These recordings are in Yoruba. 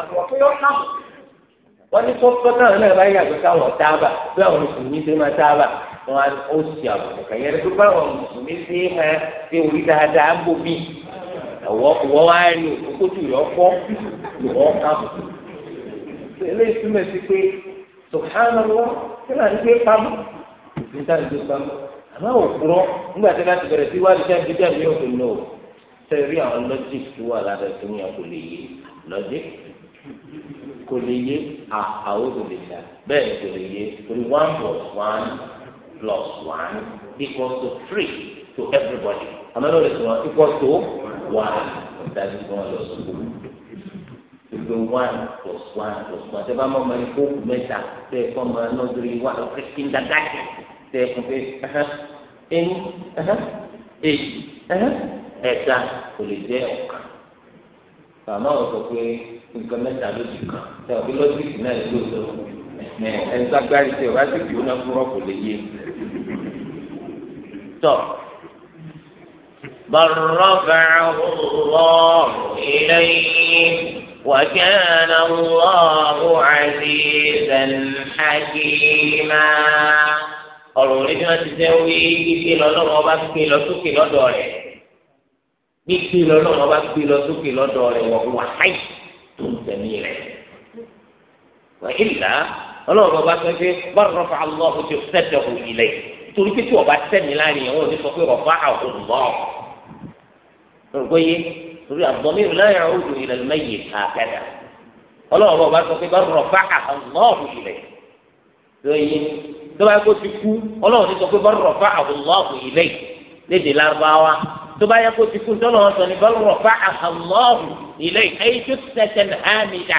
àbùwọ̀ pé ó nà wọ́n ní sọ́kọ́ táwọn náà bá yàgbé káwọn táàbà bí àwọn mùsùlùmí ṣe máa táàbà wọn á ó sì àbùkù kẹ̀yẹ́ rẹ̀ bá mùsùlùmí ṣe é ṣe orí dáadáa ń bò bí wọ́n wá ní òkútù lọ́wọ́ káàbù. eléyìí túmọ̀ sí pé ń gbé pamọ́ ń gbé pamọ́ àmọ́ òkúrọ́ nígbà tí logic kò lè yé àwọn kò lè dà bẹ́ẹ̀ kò lè yé torí one plus one plus one equals to three to everybody àmọ́ lórí ìṣòro equals to one ọ̀dájú kí wọ́n lọ sùkúrù gbogbo one plus one plus one tẹ bá mọ ọmọ ikú mẹ́ta tẹ ẹ fọmọ nọdúrí wa ọkẹ kíndàgàdì tẹ ẹ fún pé ẹni èyí ẹ̀ta kò lè jẹ ọ̀kan màmá wọn sọ pé nǹkan mẹ́ta ló ti kàn ṣe òbí lọ́sìkì náà ló sọ ẹni tó agbárí ṣe wá sí kí ó náà fúrọ́ kò lè yé tọ́ بل رفعه الله إليه وكان الله عزيزا حكيما ọ̀rọ̀ onídìí wọn ti sẹ wí kíkí lọ lọ́wọ́ gbígbé lọ náà wọn bá gbé lọ sókè lọ́dọ̀ rẹ̀ wọ́n wà háì tó ń tẹ̀mí rẹ̀ wà ìlà ọlọ́run bàbá sọ pé bá rọ̀fà allahu ti sẹ́tẹ̀ hù ilẹ̀ torí pé tí wọ́n bá sẹ́mi láàrin yẹn wọ́n ò ní sọ pé rọ̀fà àwọn lọ́ rògbòye torí àgbọ̀mí láyà ó ilẹ̀ lẹ́yìn àkàdà ọlọ́run bàbá sọ pé bá rọ̀fà allahu ilẹ̀ lóyìn tó bá kó ti kú ọlọ́run ti sọ pé bá rọ̀fà allahu ilẹ̀ lédè lárúbáwá tó bá yẹ kó ti kú tọ́lọ̀ wọn sọ ní bọ́lú rọ̀ fá àhàmọ́ọ̀hù ilé ìkẹyì tó tẹ̀sẹ̀ hàmìdá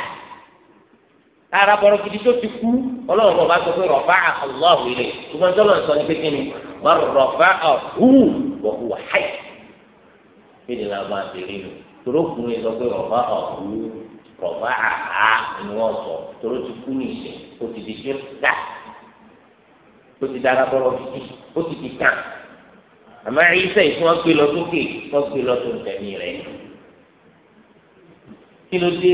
ara bọ̀rọ̀ gidi tó ti kú ọlọ́run bọ̀ bá sọ pé rọ̀ fá àhàmọ́ọ̀hù ilé ṣùgbọ́n tọ́lọ̀ sọ ní pété ni wọ́n rọ̀ fá ọ̀hù wọ̀hù wàháì bí ni làwọn máa bèrè nù tòró kùn ní sọ pé rọ̀ fá ọ̀hù rọ̀ fá àhà ni wọ́n sọ tòró ti kú ní ìṣẹ̀ ó ti di àmọ́ ẹyíṣẹ yìí tí wọn gbé lọ sókè wọn gbé lọ tó tẹmí rẹ kí ló dé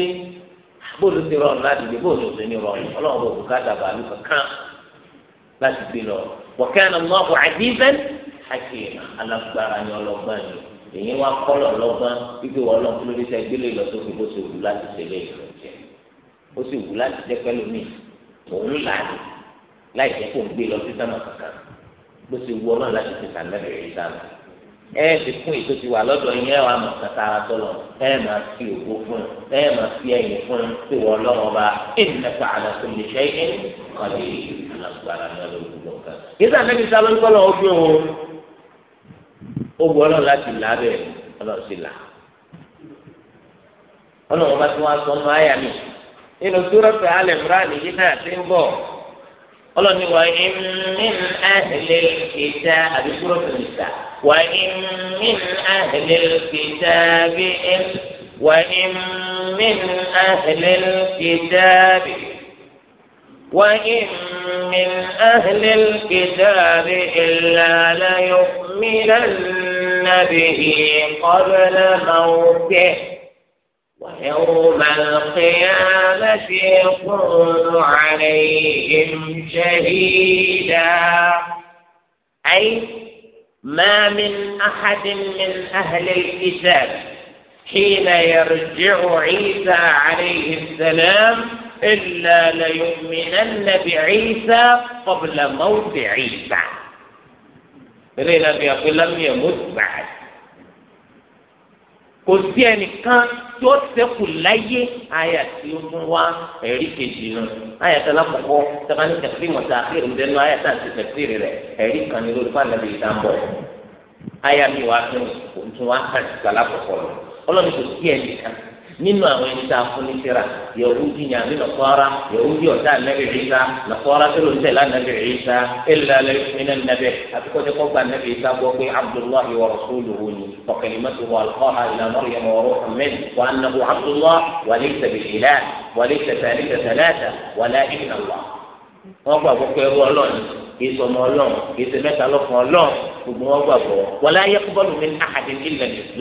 bóòlù ti rọrùn láti gbé bóòlù ò sí ní rọrùn Ọlọ́run bò bùkátà bàálù kankan láti gbé lọ wọkẹ́ni ọlọ́ọ̀bù àdìsẹ́n àti alágbára ni ọlọ́gbọ́n ni èyí wá kọ́lọ̀ ọlọ́gbọ́n wípé wọ́n lọ́n kúlódé sẹ́ gbélé lọ sókè bó ṣe wù láti tẹ̀lé ìlú jẹ ó wù láti bó ṣe wọ náà láti fi kàn lẹ́nu èyí dáná ẹ ti fún ètò ti wà lọ́dọ̀ yín ẹ wà mọ̀ kàtà ara tọ́lọ̀ ẹ máa fi ògbó fún ẹ máa fi ẹ̀yìn fún pé wọ́n lọ́wọ́ bá ìnẹ́fà àdàkùnlé ṣe é wọ́n lè lágbára ní ọlọ́dúnrún kan. yíṣà níbi sá ló ń kọ́ ó wọ ọlọ́run láti là bẹ́ẹ̀ ọlọ́run sì là. ọlọ́run bá tí wọ́n sọ ọmọ àyà mi nínú tó rọ́pẹ́ alẹ́ mìíràn yìí náà ti ń bọ̀ ọlọ́ni wà ní min ahlil kitab àbí kúròtò nìta wà ní min ahlil kitabi wà ní min ahlil kitabi wà ní min ahlil kitabi illa la yu'minanna bihi qabla mawtihi. ويوم القيامة يكون عليهم شهيدا أي ما من أحد من أهل الكتاب حين يرجع عيسى عليه السلام إلا ليؤمنن بعيسى قبل موت عيسى. إلينا بيقول لم يمت بعد. kò sí ẹnìkan tí ó ṣẹ́kù láyé àyà tí ó mú wá ẹ̀rí kejì nù àyà tó lákòókò sábà ní tẹ̀sí mọ̀tà àfihàn ń dẹnu àyà tá à ti tẹ̀sí rẹ̀ ẹ̀rí kan ní lórí fáwọn ẹ̀rí ìdánbọ̀ àyà mi wàá tún òun tún wá kàn sí alákòókò lọ ọlọ́run kò sí ẹnìkan nínú àwọn ẹni tá a fún ní síra yahudi ní àbí nàkọ́ra yahudi ọ̀tá ànábì Ìsá nàkọ́ra tó ló ń tẹ̀lé ànábì Ìsá ẹ̀lẹ́ alẹ́ ìfúnná nàbẹ̀ àtikọ́jẹ́ kọ́ gba ànábì Ìsá gbọ́ pé abdullahi wa rasuluhu ni ọ̀kẹ́lẹ́mẹ́tò wa alqaha ila maryam wa ruhun min wa annahu abdullahi wa laysa bil-ilah wa laysa thalitha thalatha wa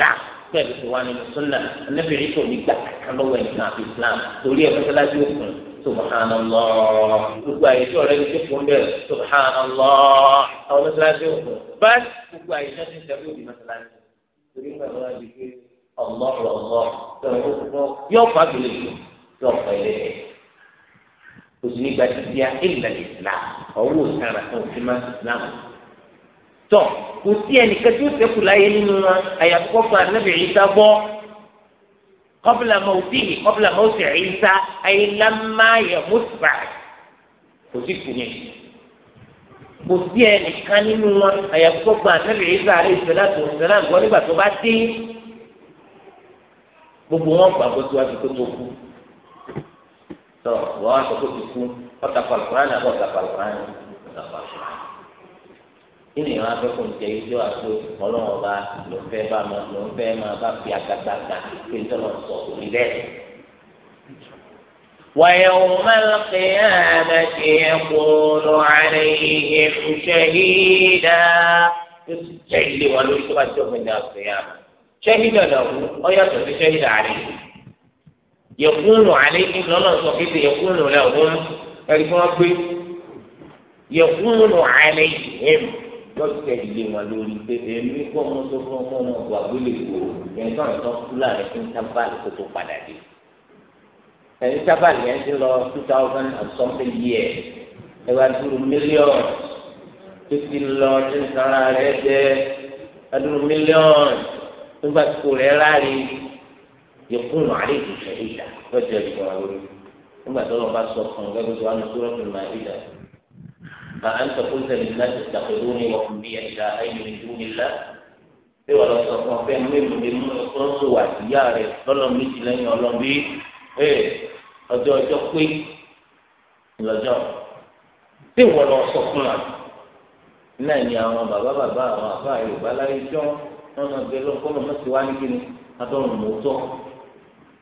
la bẹ́ẹ̀ fi wá nínú súnà ẹnẹ́bí rí kò ní gbà kankan lọ́wọ́ ẹ̀sìn àti islam torí ẹ̀ fẹ́fẹ́ láti òkun subhanallah gbogbo àyè tí ọ̀rẹ́ mi ti fún bẹ́ẹ̀ subhanallah àwọn mẹ́sàlásì òkun bẹ́ẹ̀ gbogbo àyè náà ti ń sẹ́fẹ́ òbí mẹ́sàlásì torí pẹ̀lú àwọn àdìgbé ọlọ́rọ̀ ọlọ́rọ̀ yóò fà gbélé tó yóò fà ilé rẹ̀ kò sí nígbà tí bíi ilẹ̀ tọ kò sí ẹnìkan tí ó ṣẹ́kù láyé nínú wọn àyàfi kọ́ fún anábì Ìsá gbọ́ kọ́bùlà mọ̀ọ́sì kọ́bùlà mọ̀ọ́sì Ìsá ayé lámáyà mùsùlùmá kò sí kù yẹn kò sí ẹnìkan nínú wọn àyàfi kọ́ fún anábì Ìsá àrẹ ìṣẹ̀lá tó ń ṣẹlá gbọ́ nígbà tó bá dé gbogbo wọn gbàgbọ́ tó wá fi tó kú tọ wọ́n á sọ pé kò kú ọ̀tàkọ̀ àlùkò kí ni ìran afẹ́kọ̀ ń jẹ ijó àti ọlọ́run ọba ló ń fẹ́ bá ma ló fẹ́ máa bá fi àgàgbàgbà pé tọ́lọ̀ sọ òní bẹ́ẹ̀. ويوم القيامة يكون عليهم شهيدا شهيد ولو تبدو من القيامة شهيد له ويصف شهيد عليه يكون عليهم لنا صحيح يكون لهم يكون عليهم lọ́sẹ̀ ilé wọn lórí pé èmi kọ́ ọmọ tó fún ọmọ ọmọ ọgbà gbélé kúrò ẹni tó àìsàn fúlàní fún tábàlì tó tó padà dé ẹni tábàlì yẹn ti lọ two thousand and something years ẹ wá dúró mílíọ̀nù tó ti lọ tó ń sanra rẹ jẹ adúró mílíọ̀nù tó bá kó rẹ láàrin yẹkùnù àlejò ṣẹlẹ̀ ìdá lọ́jọ́ ìfọwọ́ lórí nígbà tó lọ bá sọ fún un gẹ́gẹ́ bí wọ́n á lọ sọ́rọ́ fún un máa ìdá yìí. ما أنت قلت للناس اتخذوني وأمي إلهين من دون الله pé wọ́n lọ sọ fún ọ pé mímu ni mú ọsọ wà síyá rẹ lọ́lọ́ méjì lẹ́yìn ọlọ́bí ee ọjọ́ ọjọ́ pé lọ́jọ́ tí wọ́n lọ sọ fún wa náà ni àwọn bàbá bàbá àwọn àbá Yorùbá láyé jọ wọn náà gbé lọ kọ́ ló mọ̀ sí wa ní kíni adọ́rùn mọ́tọ́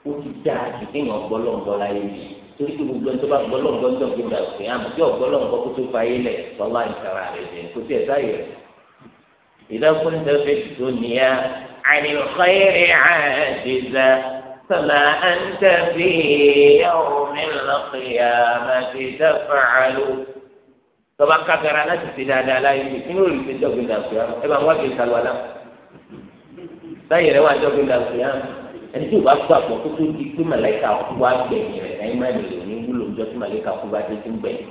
ó ti dáa kí kéèyàn gbọ́ lọ́ngbọ́ láyé yìí torí kí gbogbo ẹni tó bá gbọ́ lọ́gbọ́ ní ọ̀gbìn ìgbà òkè àmọ́ tí ọ̀gbọ́ lọ́gbọ́ kó tó fa ayé lẹ̀ lọ́la ìkara rẹ̀ dé kó tiẹ̀ sáyé rẹ̀. ìdákùn ní tẹ́fẹ́ tó níyà àníkọ́ eré àdìsá sọlá ń tẹ̀sí yàwó mi lọ́kìyà màtí dáfà àlù. tọ́ba kágara láti ti dáadáa láyé mi kí ló rí ti dọ́gbìn ìgbà òkè àmọ́ ẹ ẹni tí o bá gbàgbọ́ kó tó di pé màláìka kú wá gbẹ̀yìn rẹ̀ náà ìmọ̀ ènìyàn ní wúlò ńjọ́ tí màláìka kú bá dé tó ń gbẹ̀yìn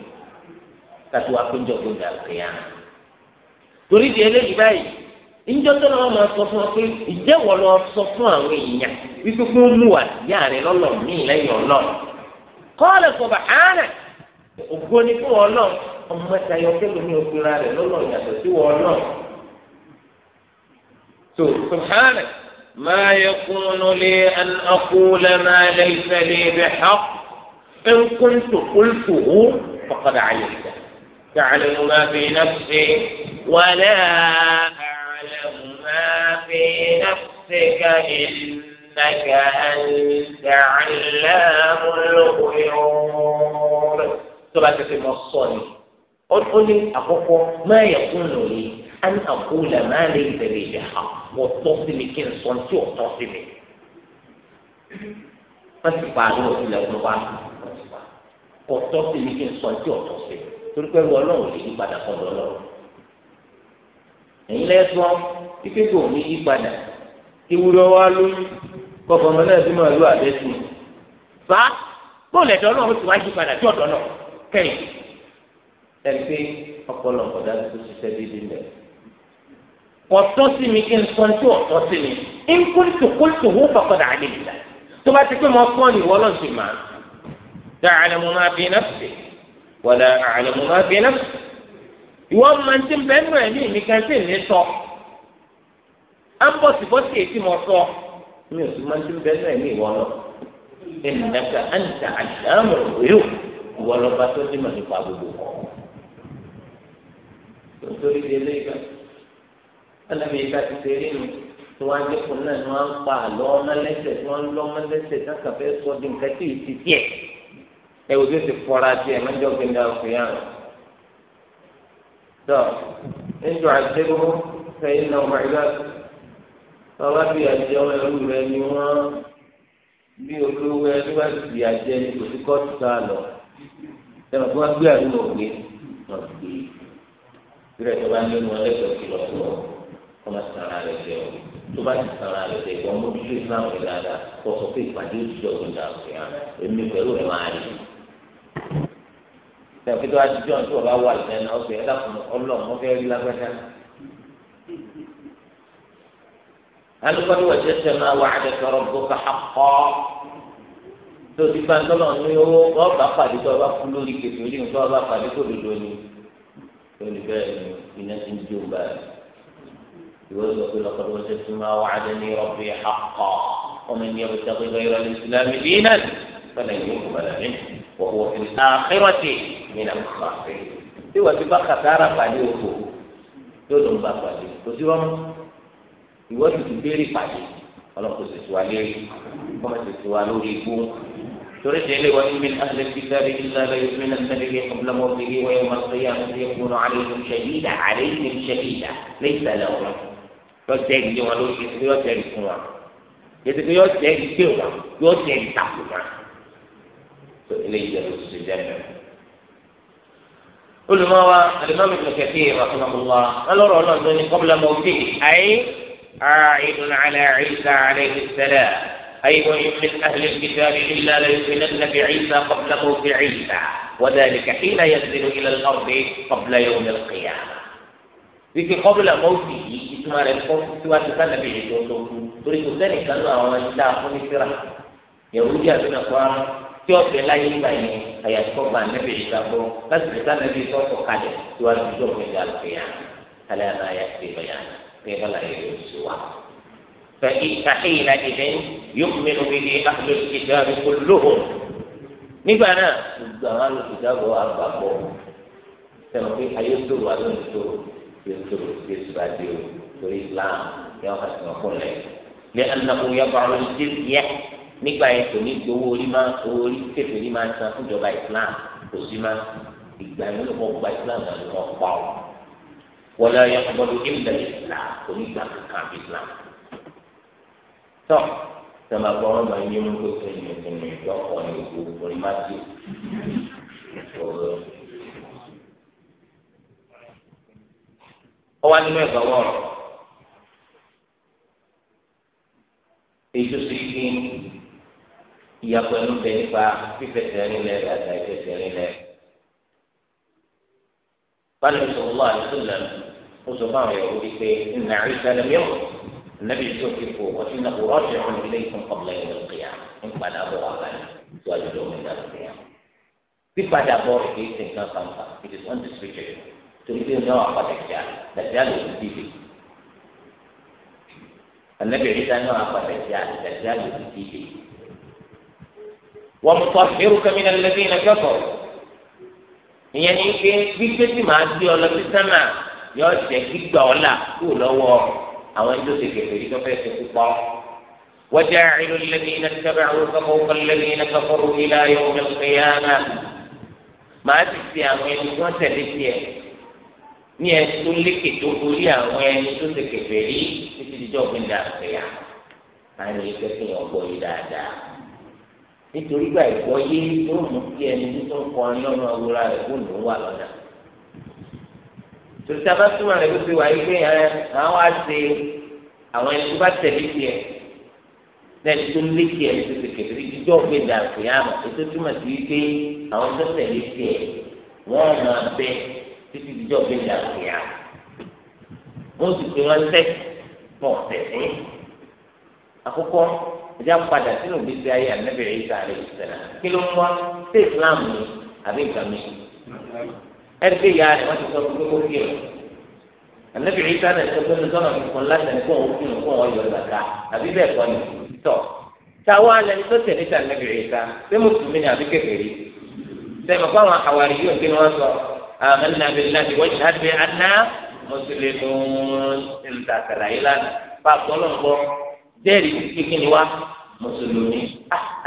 kátó wá pé ńjọ́ tó dà kéèyàn. torí di eléyìí báyìí ńjọ́ tó lọ́wọ́ máa sọ fún ọ pé ìjẹ́wọ́ lọ sọ fún àwọn èèyàn wípé kó mú wà ìyá rẹ lọ́lọ́ míì lẹ́yìn ọlọ́run kọ́ọ̀lù sọ̀bà ààrẹ ògo ni fún ọlọ́run ọmọ mẹ́ta yọ kẹ́lò ní òkúra rẹ̀ lọ́lọ́run yàtọ̀ ما يكون لي أن أقول ما ليس لي بحق إن كنت قلته فقد علمته تعلم ما في نفسي ولا أعلم ما في نفسك إنك أنت علام الغيوب تبقى في مصري قل لي أخوكم ما يكون لي an àkóòlà máa lè tẹ̀lé ìjà wọ́n tọ́ sí mi kí n sọ ní tí ò tọ́ sí mi. wọ́n ti pa àlọ́ ìlẹ̀ ọ̀dọ́ wa kò tọ́ sí mi kí n sọ ní tí ò tọ́ sí mi torí pé wọ́n náà ò lè yí padà sọ́dọ̀ lọ́wọ́. ẹ̀yin lẹ́sọ̀ ike kò ní yí ìwúrọ̀ wa lóyún kọ̀ọ̀kan náà náà ti máa lo àdẹ́sùn. fa bóòlù ẹ̀dọ́ náà ó ti wá yí tí ọ̀dọ́ náà kẹ́yìn. ẹ ọ̀tọ́ sí mi kí n sọ tí ọ̀tọ́ sí mi nkúntù kúntù hó fọkọdà àdébìlà tó bá ti pé mo sọ ni wọ́n lọ sí ma ta'lamu ma fi nafsi wala a'lamu ma fi nafsi ìwọ máa ń ti bẹ́ẹ̀ nù ẹ̀mí mi kan sí ní sọ à ń bọ̀ síbọ̀ sí èyí tí sọ mi ò sì máa ti bẹ́ẹ̀ nù ẹ̀mí ìwọ lọ innaka anta àdámọ̀ òyò ìwọ lọ bá tó dé mọ̀ nípa gbogbo kọ́ alábi ìka ti ṣe rí nu tí wọn á dínkù náà ni wọn á pa àlọ ọmọlẹsẹ tí wọn lọ ọmọlẹsẹ tí wọn kàn fẹ́ sọ di nǹkan tí ìsì tiẹ̀ ẹ wò tó ti fọra tiẹ̀ mẹjọ gbẹndà òkè yàn tó níjọ àjẹbó fẹ̀yìn náà ọmọ ìgbà tọwọ bí àjẹ ọmọ ìlú rẹ ni wọn bí olówó ẹni wá sì àjẹ ni kò sí kóòtù ká lọ ẹ lọ fún wa gbé àdúgbò gbé lọ kó má sara rẹ̀ jẹ́ o tó bá ti sara rẹ̀ jẹ́ ìwọ mú bíbí islam rẹ̀ dáadáa kó sọ pé ìpàdé òṣìṣẹ́ òkú ìdá òkè hàn èmi pẹ̀lú rẹ̀ máa rí i lẹ́yìn tó bá ti jọ̀ tí wọ́n bá wà lẹ́yìn náà ọ̀sẹ̀ ẹ̀dá fún ọlọ́run wọ́n fẹ́ rí lágbájá alukọ́ni wà jẹ́sẹ̀ máa wà á dẹ̀kẹ́ ká xaqọ́ tó ti gbà ńlọ́lọ́ ní owó يوسف لقد وجدت ما وعدني ربي حقا ومن يبتغي غير الإسلام دينا فلن يقبل منه وهو في الآخرة من الخاسرين ìwà tí bá kàtàrà pàdé oko yóò ló ń bá pàdé kò sí wọn ìwọ sì ti béèrè pàdé ọlọpàá sì ti wà lérí ọmọ sì ti wà lórí igbó torí ti ilé wọn mi náà lè fi sáré ilé rẹ yóò fi náà sáré yẹ kọbílà mọ fi yé wọn yóò máa sọ yà wọn yẹ kúnú àlejò ṣẹlí ìdá àlejò ṣẹlí ìdá lẹ́yìn ìdá lẹ́wọ̀n. yọtẹ ẹ̀rí wọn ló ṣe pé yọtẹ ẹ̀rí fún wọn yẹtẹ pé yọtẹ ẹ̀rí pé wọn yọtẹ ẹ̀rí takò wọn tó eléyìí jẹ lóṣù tó jẹ mẹ́rin. olùmọ̀wá alimami kẹ̀kẹ́ yìí rahmanullah ọlọ́rọ̀ náà tó ní kọ́bílà mọ́tì ayé عائد على عيسى عليه السلام أي وإن من أهل الكتاب إلا ليؤمنن بعيسى قبل موت عيسى وذلك حين ينزل إلى الأرض قبل يوم القيامة wíkẹ́ kọ́bílà mọ́tì yìí ìtumọ̀ rẹ̀ kọ́ síwájú sánàbí yìí tó tó torí kò sẹ́nì kan náà àwọn ẹni tá a fún ní síra yahudi àdúrà kọ́ ara tí ọ̀bẹ láyé gbà yẹn àyàtí kọ́ gba yìí ká gbọ́ láti lè sánàbí yìí sọ́kọ̀ kalẹ̀ síwájú tó fún ìjà àlùfẹ́yà alẹ́ àná ti bẹ̀yà ní ìbálà yìí ló ti wà. فحين يسر يسر ديو في الإسلام يوم حسن يكون لك لأنه يبع الجزية nígbà yẹn kò ní gbowó orí máa owó orí kéfì ní máa san fúnjọba islam kò sí máa ìgbà yẹn ló mọ gba islam náà ló mọ pa ọ wọlé ayé ọgbọdún ìlẹ islam kò ní gbà kankan bí islam tọ sọmọ agbọrọ máa ń yẹ mú kó sẹ́yìn ẹsẹ̀ ní ìjọ ọkọ ní ìlú orí máa ti ọ̀rọ̀. ọwọ́ nínú ẹ̀gbọ́n wọ̀rọ̀ èyí tó ṣe ìyàpọ̀ ẹnu bẹ nípa fífẹsẹ̀ nílẹ̀ àti àìfẹsẹ̀ nílẹ̀ báyìí ló sọ̀rọ̀ lọ́wọ́ àdúgbò lẹ́nu ó sọ fún àwọn ìyàwó wípé nà rí sẹ́lẹ̀ mìíràn nàbí tó fi kó wọ́n ti nàkó rọ́ọ̀tì ọ̀hún ilé ìkún ọ̀bùlà ń padà bọ̀ wà báyìí tó pípadà bọ̀ kì í kan kan it is torí pé ní ọ̀pá dàjà dàjà ló ti dìde anabi ẹ̀ríta ní ọ̀pá dàjà dàjà ló ti dìde wọ́n mú tọ́sírù kẹ́mínà lẹ́bí iná kẹ́kọ̀ọ́ ìyẹn ní pé gbígbé tí màá gbé ọ lọ sí sánà yọ ọ̀sẹ̀ gbígbà ọ là kú lọ́wọ́ àwọn ẹni tó ti kẹfẹ́ yìí tó fẹ́ ṣe púpọ̀ وجاعل الذين اتبعوك فوق الذين كفروا إلى يوم القيامة ما تسيا من وسلسيا ní ẹni tó lékè tó borí àwọn ẹni tó ti kẹfẹ rí títí dídí ọgbìn dà fẹyà àwọn èyí kẹfẹ yẹn ọgbọ yìí dáadáa nítorí gba ìgbọ́ yé yóò mú kí ẹni tó ń kọ ọlọ́run awúra rẹ̀ kó ló ń wà lọ́nà tòtí abátúmọ̀ rẹ̀ ló fi wà yí pé àwọn á ṣe àwọn ẹni tó bá tẹ̀lé tiẹ̀ lẹ́yìn tó lékè ẹni tó ti kẹfẹ rí dídí dà fẹyà títí ìjọ bí ìjà òkè yá wọn sì pé wọn tẹ pọ tẹsí àkọ́kọ́ ẹjẹ padà sínú gbèsè ayé ànábìrì ìta rẹ ìṣẹ̀lẹ̀ kí ló ń wá sí islam ni àbí nǹkan mi ẹni pé ìyá rẹ wọn ti sọ pé kó kí o ànábìrì ìta rẹ sọ pé nítorí àwọn ìfọn láti ẹni fún òun kí òun fún òun yọ ìgbàgbà àbí bẹ́ẹ̀ kọ́ ni tọ táwa lẹni tó tẹ níta ànábìrì ìta ṣé mùsùlùmí ni àbí kékeré sẹ mọ fáwọn àwárí yóò gbé ni wọn sọ. آمنا بالله واشهد بأننا مسلمون انت كلايلا فاقولوا لهم ديري تكيني واحد mùsùlùmí.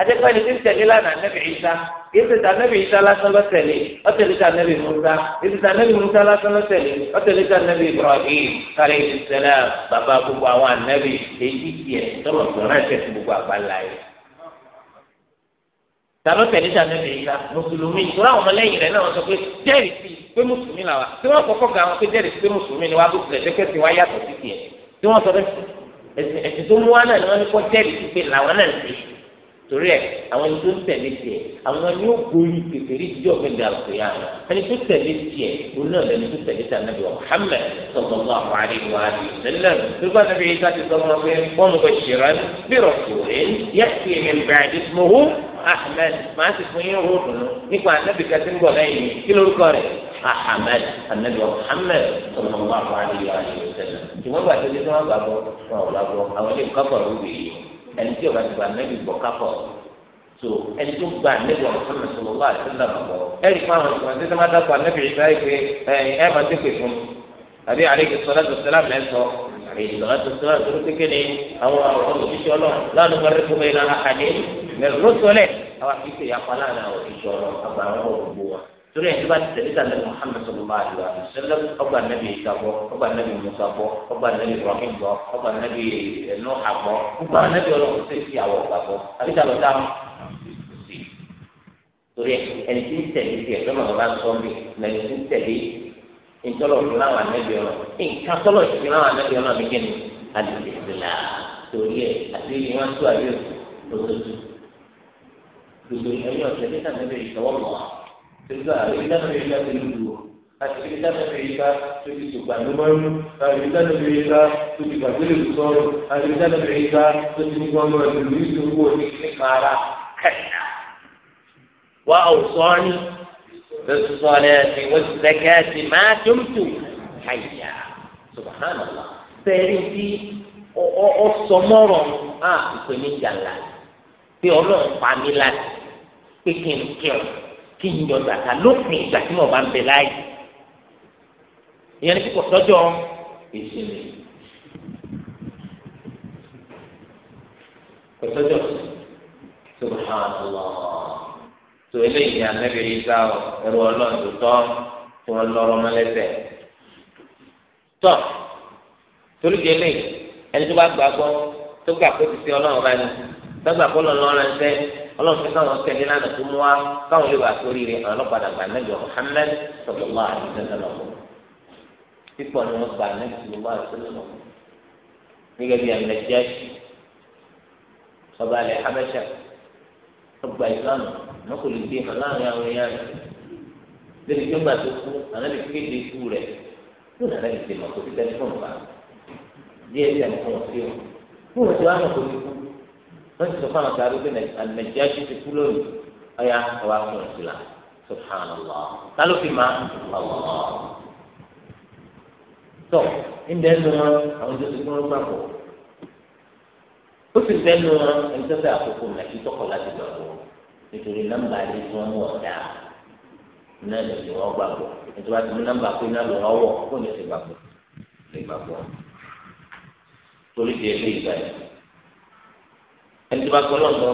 Adékọ́ni ti ń tẹ̀lé lánàá nẹ́bí Isa. Yéésù ta nẹ́bí Isa lásán ló tẹ̀lé. Ó tẹ̀lé ta nẹ́bí Musa. Yéésù ta nẹ́bí Musa lásán ló tẹ̀lé. Ó tẹ̀lé ta nẹ́bí Ibrahim. Kárí ìṣẹ̀lẹ̀ bàbá gbogbo àwọn ànẹ́bí. Èyí ti tiẹ̀ tọ́lọ̀ tó rẹ̀ tàbí tẹ̀lé tàbí tẹ̀lé ìgbà mùsùlùmí ìtura àwọn ọmọlẹ́yìn rẹ̀ náà wọ́n sọ pé jẹ́rìí sí pé mùsùlùmí làwà tí wọ́n kọ́kọ́ ga wọn pé jẹ́rìí sí pé mùsùlùmí ni wàá bó tilẹ̀ jẹ́ pé wọ́n yàtọ̀ sí tiẹ̀ tí wọ́n sọ bẹ́ẹ̀ ẹ̀sìn tó mú wa náà ni wọ́n ní kọ́ jẹ́rìí sí pé làwọn náà sí torí ẹ àwọn ẹni tó ń tẹ̀lé tiẹ̀ àwọn ẹni yóò gorí kékeré ìjọ gbẹdẹ àgbẹyà rẹ ẹni tó tẹ̀lé tiẹ̀ òun náà lẹni tó tẹ̀lé tiẹ̀ nàbẹ Muhammad sallallahu alaihi wa alihi nígbà nàbẹ yìí ká ti sọ fún wa pé wọn mú bẹ ṣèrán bí rọ̀kùnrin yẹ kí ẹ̀mí bẹ̀rẹ̀ dé ahmed màá sì fún yín ròdùn nù nípa anabi kẹsí ń bọ̀ lẹ́yìn mi kí lórúkọ rẹ̀ ahmed anabi muhammed sọlọ́mọ́ àwọn àdìyẹ àdìyẹ sẹ́lẹ̀ ṣùgbọ́n gbà tó dé tí wọ́n gbà bọ́ wọn ò lábọ́ àwọn ilé ìkọ́kọ̀ rú bì í ẹni tí ọba ti gba anabi bọ̀ kápọ̀ so ẹni tó gba anabi muhammed sọlọ́mọ́ àtẹ́lẹ̀ bọ̀ ẹ̀rí fún àwọn ìgbà tí wọ́n dákọ̀ anabi ìsáyé pé ẹ̀ máa tẹ́kẹ̀ fún àbí àlejò sọlá عليه الصلاة والسلام تقول كده أو أو الشيء الله لا نفرق بين أحد mẹrùsọlẹ àwọn akéèké yàpá láàrin àwọn ìjọ ọ̀rọ̀ àgbà àwọn ọmọ gbogbo wa torí ẹni tó bá ti tẹ̀lé sàlẹ muhammed sọlọmọ àdìwà sẹlẹ ọgbà nàbì ìsà ọgbà nàbì musa gbọ́ ọgbà nàbì ibrahim gbọ́ ọgbà nàbì ẹnu àgbọ ọgbà nàbì ọlọ́pàá sì fi àwọ ọgbà gbọ́ àbíkà lọ dáhùn torí ẹni tí ń tẹ̀lé tiẹ̀ lọ́mọ bàbá sọ mi lẹni tí ń tẹ̀lé ìtọ́lọ̀ fún àwọn anábì ọ̀nà nǹkan tọ́lọ̀ fún àwọn gbogbo ẹ̀yìn ọ̀sẹ̀ nígbà tó lè tọwọ́ mọ́ wa tẹ̀síwá ẹ̀yìn dáná lè yá pẹ̀lú ìlú o àti ẹ̀yìn dáná lè yá tó ti sùgbà ló máa ń lò ẹ̀yìn dáná lè yá tó ti gbàgbé lè lù sọ́rọ̀ ẹ̀yìn dáná lè yá tó ti nígbà ọmọ rẹ̀ lù ní owó ní kíkàrà kẹta. wà á sọ ni lọ́sùn wọ́n ti pé kí n kí ọ kí n yọ zàkà lópin ìgbà tí mo bá ń bẹ láàyè ìyẹn ní kíkọ sọjọ ìsinmi kò sọjọ subhanallah tó eléyìí ní anábì isa ẹrù ọlọ́run tó tọ́ tí wọ́n lọ́rọ́ mọ́lẹ́sẹ̀ tọ́ torí di eléyìí ẹni tó bá gbàgbọ́ tó gbà pé ti ṣe ọlọ́run bá tó gbà pé ọlọ́run rẹ̀ ń sẹ́ ọlọ́run fi káwọn tẹ̀lé lánàá tó mú wa káwọn lè wà sórí rẹ̀ àwọn ọlọ́padà gba anábì Muhammad sọlọ́lá àdìsẹ́lẹ̀ pípọ̀ ni wọ́n gba anábì sọlọ́lá àdìsẹ́lẹ̀ gẹ́gẹ́ bí amẹ́tíyàsì ọba alẹ́ habẹ́sà ọgbà ìsìlámù mọ́kòlì dé hàn láàrin àwọn èèyàn rẹ̀ lẹ́nu tó gbà tó kú anábì kéde ikú rẹ̀ tó nàrẹ́ wọ́n ti sọ fún àwọn sáré pé Nàìjíríà ti kú lónìí ọ̀yà ọ̀wá fún ìsìlá subhanallah káló fi máa ọ̀wọ́. tó ǹdẹ́ nu wọn àwọn tó ti kú wọn gbàgbọ́ ó sì fẹ́ nu wọn ẹni tó fẹ́ àkókò nàìjíríà tọkọ láti gbàgbọ́ nítorí nọ́mbà yìí tí wọ́n mú ọ̀dà náà lè ní wọ́n gbàgbọ́ nítorí wọ́n ti mú nọ́mbà pé náà lè wọ́n kó ní ti gbàgbọ́ torí di ẹgbẹ́ ìgbà ẹni tó bá gbọ́ lọ́gbọ́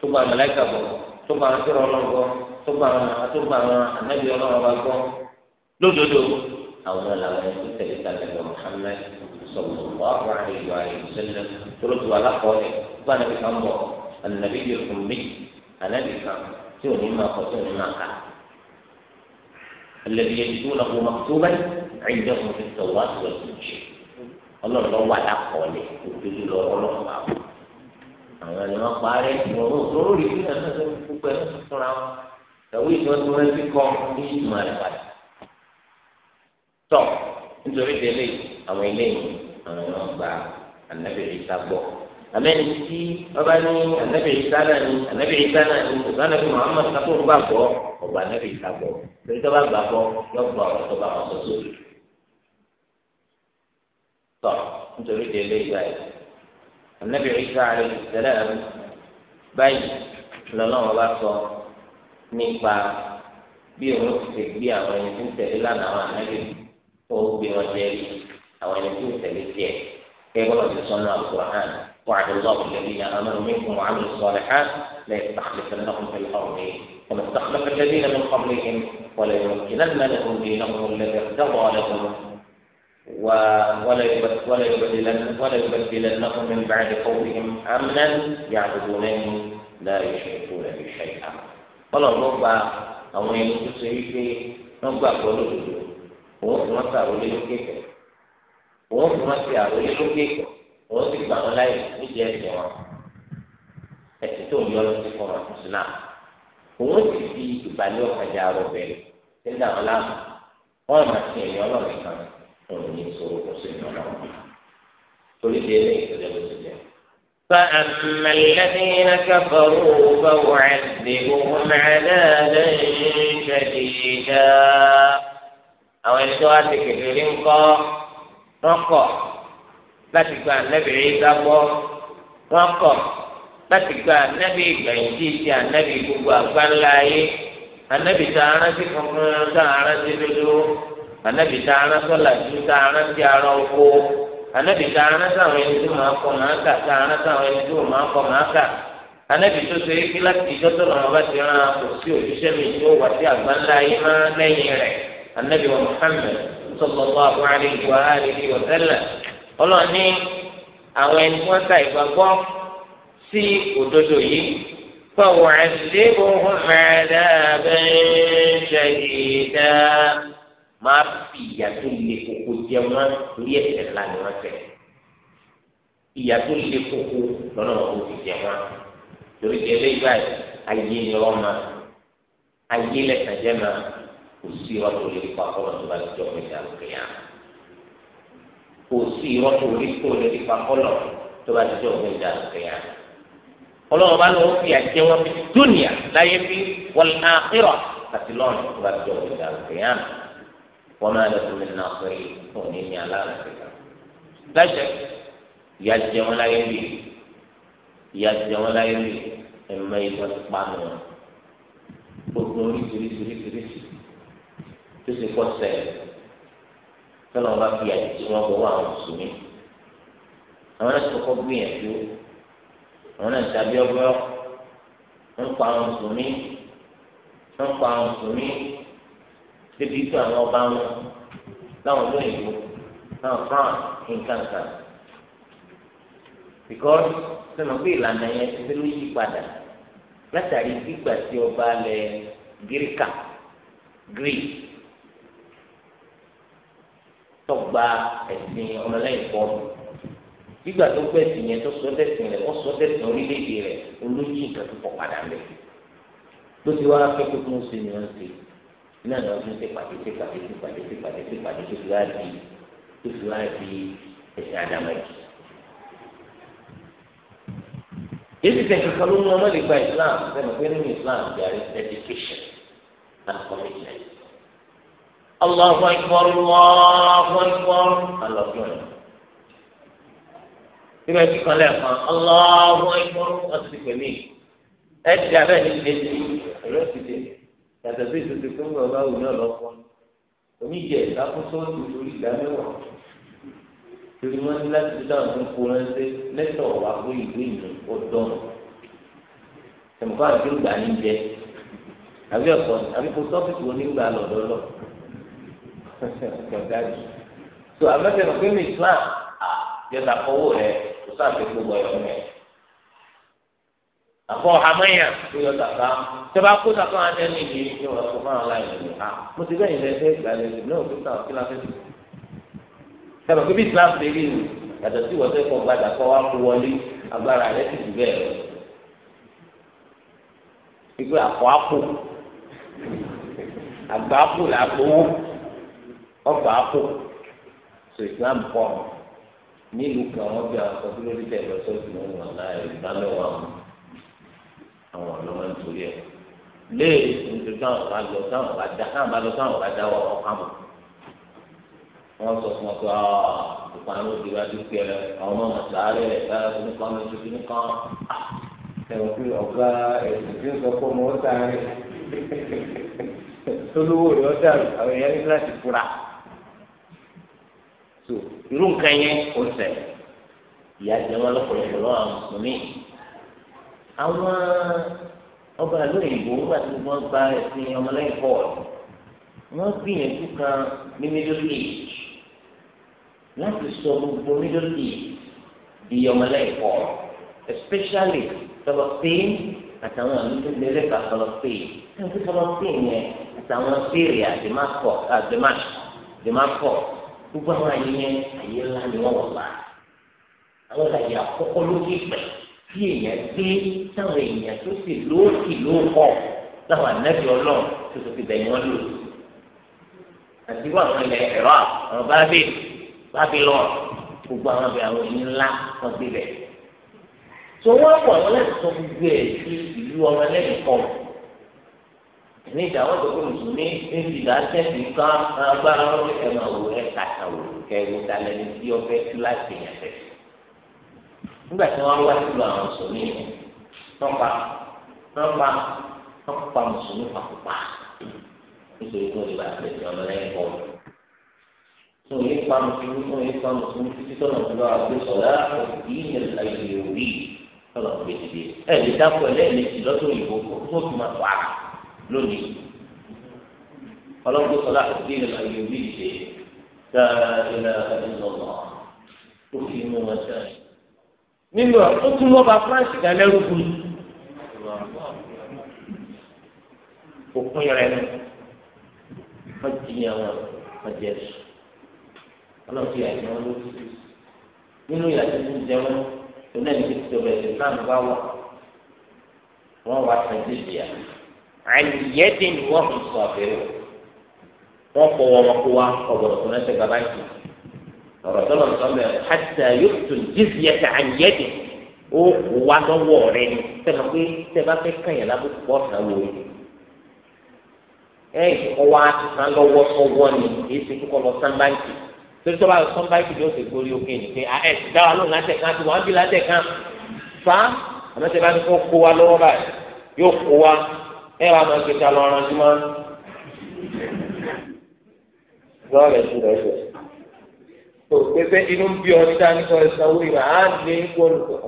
tó gba màláíkà gbọ́ tó gba àwọn sọ̀rọ̀ ọlọ́gbọ́ tó gba àwọn tó gba àwọn anábì ọlọ́wọ́ bá gbọ́ lódodo àwọn làwọn ẹni tó tẹ̀lé tàbí Muhammad sallallahu alaihi wa sallam tó ló ti wà lákọọ́lẹ̀ gba ànábì kan bọ̀ ànábì yóò fún mi ànábì kan tí ò ní máa kọ tí ò ní máa kà alẹ́ yẹn tó lọ́kọ́ maktuban indahum fi tawrat wal injil ọlọ́run lọ́wọ́ àlàkọ́ọ́lẹ̀ òdodo lọ́wọ́ lọ́wọ́ àwọn àwọn ẹni wọn parí ìwọ̀n òṣòro rí bí ẹni tó ń gbogbo ẹni tó fúnra wọn ẹ̀wọ́ ìtọ́jú rẹ ti kọ́ ní ìtumọ̀ rẹ̀ padà. tọ́ nítorí délé àwọn eléyìí àwọn ẹni wọn gba ànábì Ìsá gbọ́ àmẹ́ni tí ọba ní ànábì Ìsá náà ní ànábì Ìsá náà ní ọba ànábì Muhammad kakó ń gbà gbọ́ ọba ànábì Ìsá gbọ́ torí tọ́ba gbà gbọ́ yọ̀gbọ́ àwọn tọ́ba wọn sọ sórí. tọ́ nítorí délé ìgbà yìí النبي عيسى عليه السلام بين لله وبركاته نقبع bí òun ti ṣe gbé àwọn ẹni tí ń tẹ̀lé lánàá àwọn ànábì tó gbé wọn jẹ rí àwọn وعد الله الذين آمنوا منكم وعملوا الصالحات ليستخلفنهم في الأرض كما استخلف الذين من قبلهم وليمكنن لهم دينهم الذي ارتضى لهم ولا يبدلن ولا يبدلنهم من بعد خوفهم امنا يعبدونني لا يشركون بي شيئا Ọlọ́run ló gba àwọn ẹni tó ṣe wípé wọn gbà gbọ́ lòdòdò òun fi wọn ṣàròlé lókè kẹ òun fi wọn ṣàròlé lókè kẹ òun sì gbà wọn láyè nídìí ẹsẹ̀ wọn ẹsẹ̀ tó ń yọ lọ sí fún wọn fún Islam òun sì fi ìbàlẹ̀ ọkàjà rọ bẹ̀rẹ̀ sí ní àwọn láàmú wọn mà sí ẹ̀yìn Ọlọ́run kan òní sọ̀rọ̀ kò sí ìmọ̀ náà torí di ẹni ìtọ́jà ló ti jẹ. فأما الذين كفروا فأعذبهم عذابا شديدا àwọn ẹni tó wá ti kékeré ń kọ́ wọ́n kọ̀ láti gba ànábì ìgbà gbọ́ wọ́n kọ̀ láti gba ànábì ìgbẹ̀yìntì ti ànábì gbogbo àgbáńlá ayé ànábì tá a rántí funfun tá a rántí dúdú anabi tá a rán sọlá ju tá a rán sí ara oko anabi tá a rán sáwọn ẹni tó máa kọ máa kà tá a rán sáwọn ẹni tó máa kọ máa kà anabi tó so eke láti ìjọ tó lọ́wọ́ bá ti rán kò sí òṣìṣẹ́ mi tó wà sí àgbáńlá yìí má lẹ́yìn rẹ̀ anabi wa muhammed sallallahu alaihi wa alihi wa ọlọ́ọ̀ni àwọn ẹni tí wọ́n ta ìgbàgbọ́ sí òdodo yìí fọwọ́ àdébò hùmẹ́ẹ́dá bẹ́ẹ̀ ṣe ìdá máa fi ìyà tó le koko jẹ wọn lórí ẹ̀ṣẹ̀ ńlá ni wọn ṣẹ̀ ìyà tó le koko lọ́nà wọn kò fi jẹ wọn torí di ẹlẹ́yìí báyìí ayé ni wọn máa ayé lẹ́sàn jẹ́ máa kò sí irọ́ tó lè pa kọ́nà tó bá jọ pé ìyá lókè yá kò sí irọ́ tó lè tó lè pa kọ́nà tó bá jọ pé ìyá lókè yá ọlọ́run bá lọ́wọ́ fi àjẹ wọn fi dúnìá láyé bí wọ́n á àti lọ́run tó bá jọ pé ìyá lókè yá wọn máa lọ fún mi náà pé òun ní ní aláàrẹ kíkà láṣẹ ìyá jẹ wọn láyé bì ìyá jẹ wọn láyé bì ẹmọ ìwọ ti pa nù wọn gbogbo oríṣiríṣiríṣiríṣi tó ṣe kọ ṣẹlẹ̀ tọ́lọ́ bá fi àyè tí wọ́n bọ̀ àwọn mùsùlùmí àwọn náà ti kọ́kọ́ gbìyànjú àwọn náà tàbí ọgbọ́n ń pa àwọn mùsùlùmí ń pa àwọn mùsùlùmí débi tó àwọn ọba wọn láwọn olóyìnbó náà France nǹkan kan because sọ̀nà pé ìlànà yẹn ti ló yí padà látàrí gbígbà tí ọba lẹ gíríkà greek tọgba ẹ̀sìn ọmọlẹ́yìn pọ́ọ̀lù gbígbà tó gbé ẹ̀sìn yẹn tó sọ dẹ́sìn rẹ̀ wọ́n sọ dẹ́sìn orílẹ̀-èdè rẹ̀ olóyìn nǹkan tó pọ̀ padà lẹ̀ ló ti wá fẹ́ pé kí wọ́n ṣe ni wọ́n ṣe náà ni wọ́n fi ń ṣe pàdé ṣe pàdé ṣe pàdé ṣe pàdé ṣe pàdé ṣe fi wá di ṣe fi wá di ẹ̀sìn àdàmọ̀jì. yéésì tẹ̀sán kan ló mú ọmọ lè gba Islam sẹ́nu pé nínú Islam yàrá dedication and commitment. Allahu akbar Allahu akbar alọ́gbọ́n. Ibẹ̀ ti kan lẹ́ẹ̀kan Allahu akbar ọ̀sìn pẹ̀lú ẹ̀ ti dàbẹ̀ ní ìdílé ti dé yàtọ̀ sí ìtòsí fún mi ọba òní ọlọ́pọ̀ oníjẹ ìdákóso ìtòrí ìdá mẹ́wàá torí wọn ní láti dá àwọn tó ń ránṣẹ́ lẹ́tọ̀ wá fún ìlú ìlú ọdún ẹ̀mọ́kọ́ àti ìgbà ní jẹ àbí ọ̀pọ̀ àbí kò sọ́fíìsì onígbà lọ́dọ́lọ́ ọ̀gáàjì tó àbẹ́fẹ́ nà pé mi Islam yọ̀tà fọwọ́ rẹ̀ kò sáà fi gbogbo ẹ̀yọ́ mẹ́rin àfọ hàmẹ́yà ló yọ sàkà tẹ́lá kó sàkà wọn ẹni ní ìlú wọn kó fáwọn láì lè ha mo ti bẹ́ẹ̀ ilẹ̀ ẹgbẹ́ ìgbà lè náà tó sàn kí láti tù. sábà pé bí Islam ṣe rí ìlú yàtọ̀ sí ìwọ́sẹ̀ kọ̀ gbàdà kọ́ wa kó wọlé agbára rẹ̀ sì jù bẹ́ẹ̀ lọ. ìgbé àpò àpò àgbà àpò là gbowó ọgbà àpò so Islam pọ̀ nílùú kan wọ́n bí àwọn sọ́kúlórí tẹ̀ lọ àwọn ọlọ́mọ nítorí ẹ̀ léèrè nítorí táwọn bá lọ táwọn bá dá táwọn bá lọ táwọn bá dá wọ ọkàn mọ wọn sọ fún ọ pé ọ ìpa àwọn òdìwájú pé àwọn ọmọ màsàárẹ ẹgbẹ́ oníkan oṣooṣù nìkan ah, ẹwọn pé ọgá ẹsùn tí ń sọ pé ọmọ ọta rẹ tolówó rẹ ọta àwọn èèyàn ní láti fura so irú nǹkan yẹn ó ṣẹlẹ̀ ìyá jẹ wọn lọ́pọ̀lọpọ̀ àwọn ọba ìlú òyìnbó nígbà tí wọ́n gba ẹ̀sìn ọmọlẹ́yìn bọ́ọ̀lù wọ́n gbìyànjú kan ní middle east láti sọ gbogbo middle east di ọmọlẹ́yìn bọ́ọ̀lù especially sọ̀rọ̀ spain àtàwọn àmì tó lé lẹ́ka sọ̀rọ̀ spain tí sọ̀rọ̀ spain yẹn àtàwọn syria demasco demasco gbogbo àwọn àyè yẹn àyè ńlá ni wọ́n wọ̀ bá àwọn àyè àkọ́kọ́ ló ti pẹ̀lú tí èèyàn gbé táwọn èèyàn tó sì lóòkì lóòkọ̀ láwọn ànábì ọlọ́run tó tó fi bẹ̀yìn wọn lò àti wọn àwọn ilẹ̀ ẹ̀rọ àwọn bábí bábílọ̀ gbogbo àwọn abẹ àwọn ẹni ńlá wọn gbé bẹ̀. tó wọ́n pọ̀ àwọn láti sọ gbogbo ẹ̀ sí ìlú ọmọ lẹ́yìn kan ní ìjà wọn tó kó mùsùlùmí ní ti ìdá sẹ́ẹ̀sì kan agbára wọn ní ẹ̀rọ àwòrán ẹ̀ka àtàwòrán kẹwò dalẹ̀ ní bí ọbẹ̀ kíláàsì yẹn nígbà tí wọ́n wá sílùú àwọn mùsùlùmí yẹn wọ́n pa wọ́n pa wọ́n pa mùsùlùmí pàkópa nítorí tó lè bá tẹ̀sí ọmọ lẹ́yìn bọ́ọ̀lù. fún yìí pa mùsùlùmí fún yìí pa mùsùlùmí títí tọ́nà tó bá gbé sọ̀rọ̀ àti ìyẹn ayé orí tọ́nà tó gbèsè dé. ẹ lè dákọ̀ ẹ lẹ́ẹ̀mejì lọ́dún òyìnbó tó fi máa pa lónìí. ọlọ́gbé sọ̀rọ̀ àti ìyẹn ayé orí ṣe dáadáa nínú ọ̀nà tó fi mú nínú ó tún lọ́ba france gan lẹ́rú kù òkun rẹ̀ wọ́n ti yan wọn wọ́n jẹ sùn ọlọ́ọ̀tì àìní wọn ló ti nínú ìyàtí tó ń jẹ wọn tó náà ní kí tó bẹ̀rẹ̀ náà ń bá wà wọ́n wá sẹ́ńtì bìà àyẹ̀dẹ̀ ni wọ́n fi sọ àbẹ̀wò wọ́n kọ́ wọn kó wa ọ̀gbọ̀n tó náà ṣe bàbá yìí ọ̀rọ̀ tó lọ sọ bẹ́ẹ̀ hàtà yóò tún jizya an yadi ó wà lọ́wọ́ rẹ ni sẹ́nu pé tẹ́ bá fẹ́ kàn yẹn lábùkù pọ̀ sanwó yìí ẹ̀ ọwọ́ àtúntàn lọ́wọ́ sọ́wọ́ ni èyí ti kọ́ lọ sán báńkì torí tó bá lọ sán báńkì yóò ti gbórí òkè ni pé ah, ẹ̀ dá wa lóun látẹ̀ kan àti wọ́n bí látẹ̀ kan fa àmọ́ tẹ́ bá ní kó wa lọ́wọ́ báyìí yóò kó wa ẹ̀ wà máa gbèsè àlọ́ ọ̀ràn jùmọ̀ kò pépé inú bí ọ níta ní kọ́ ẹ̀sán owó á ní kó olùkọ́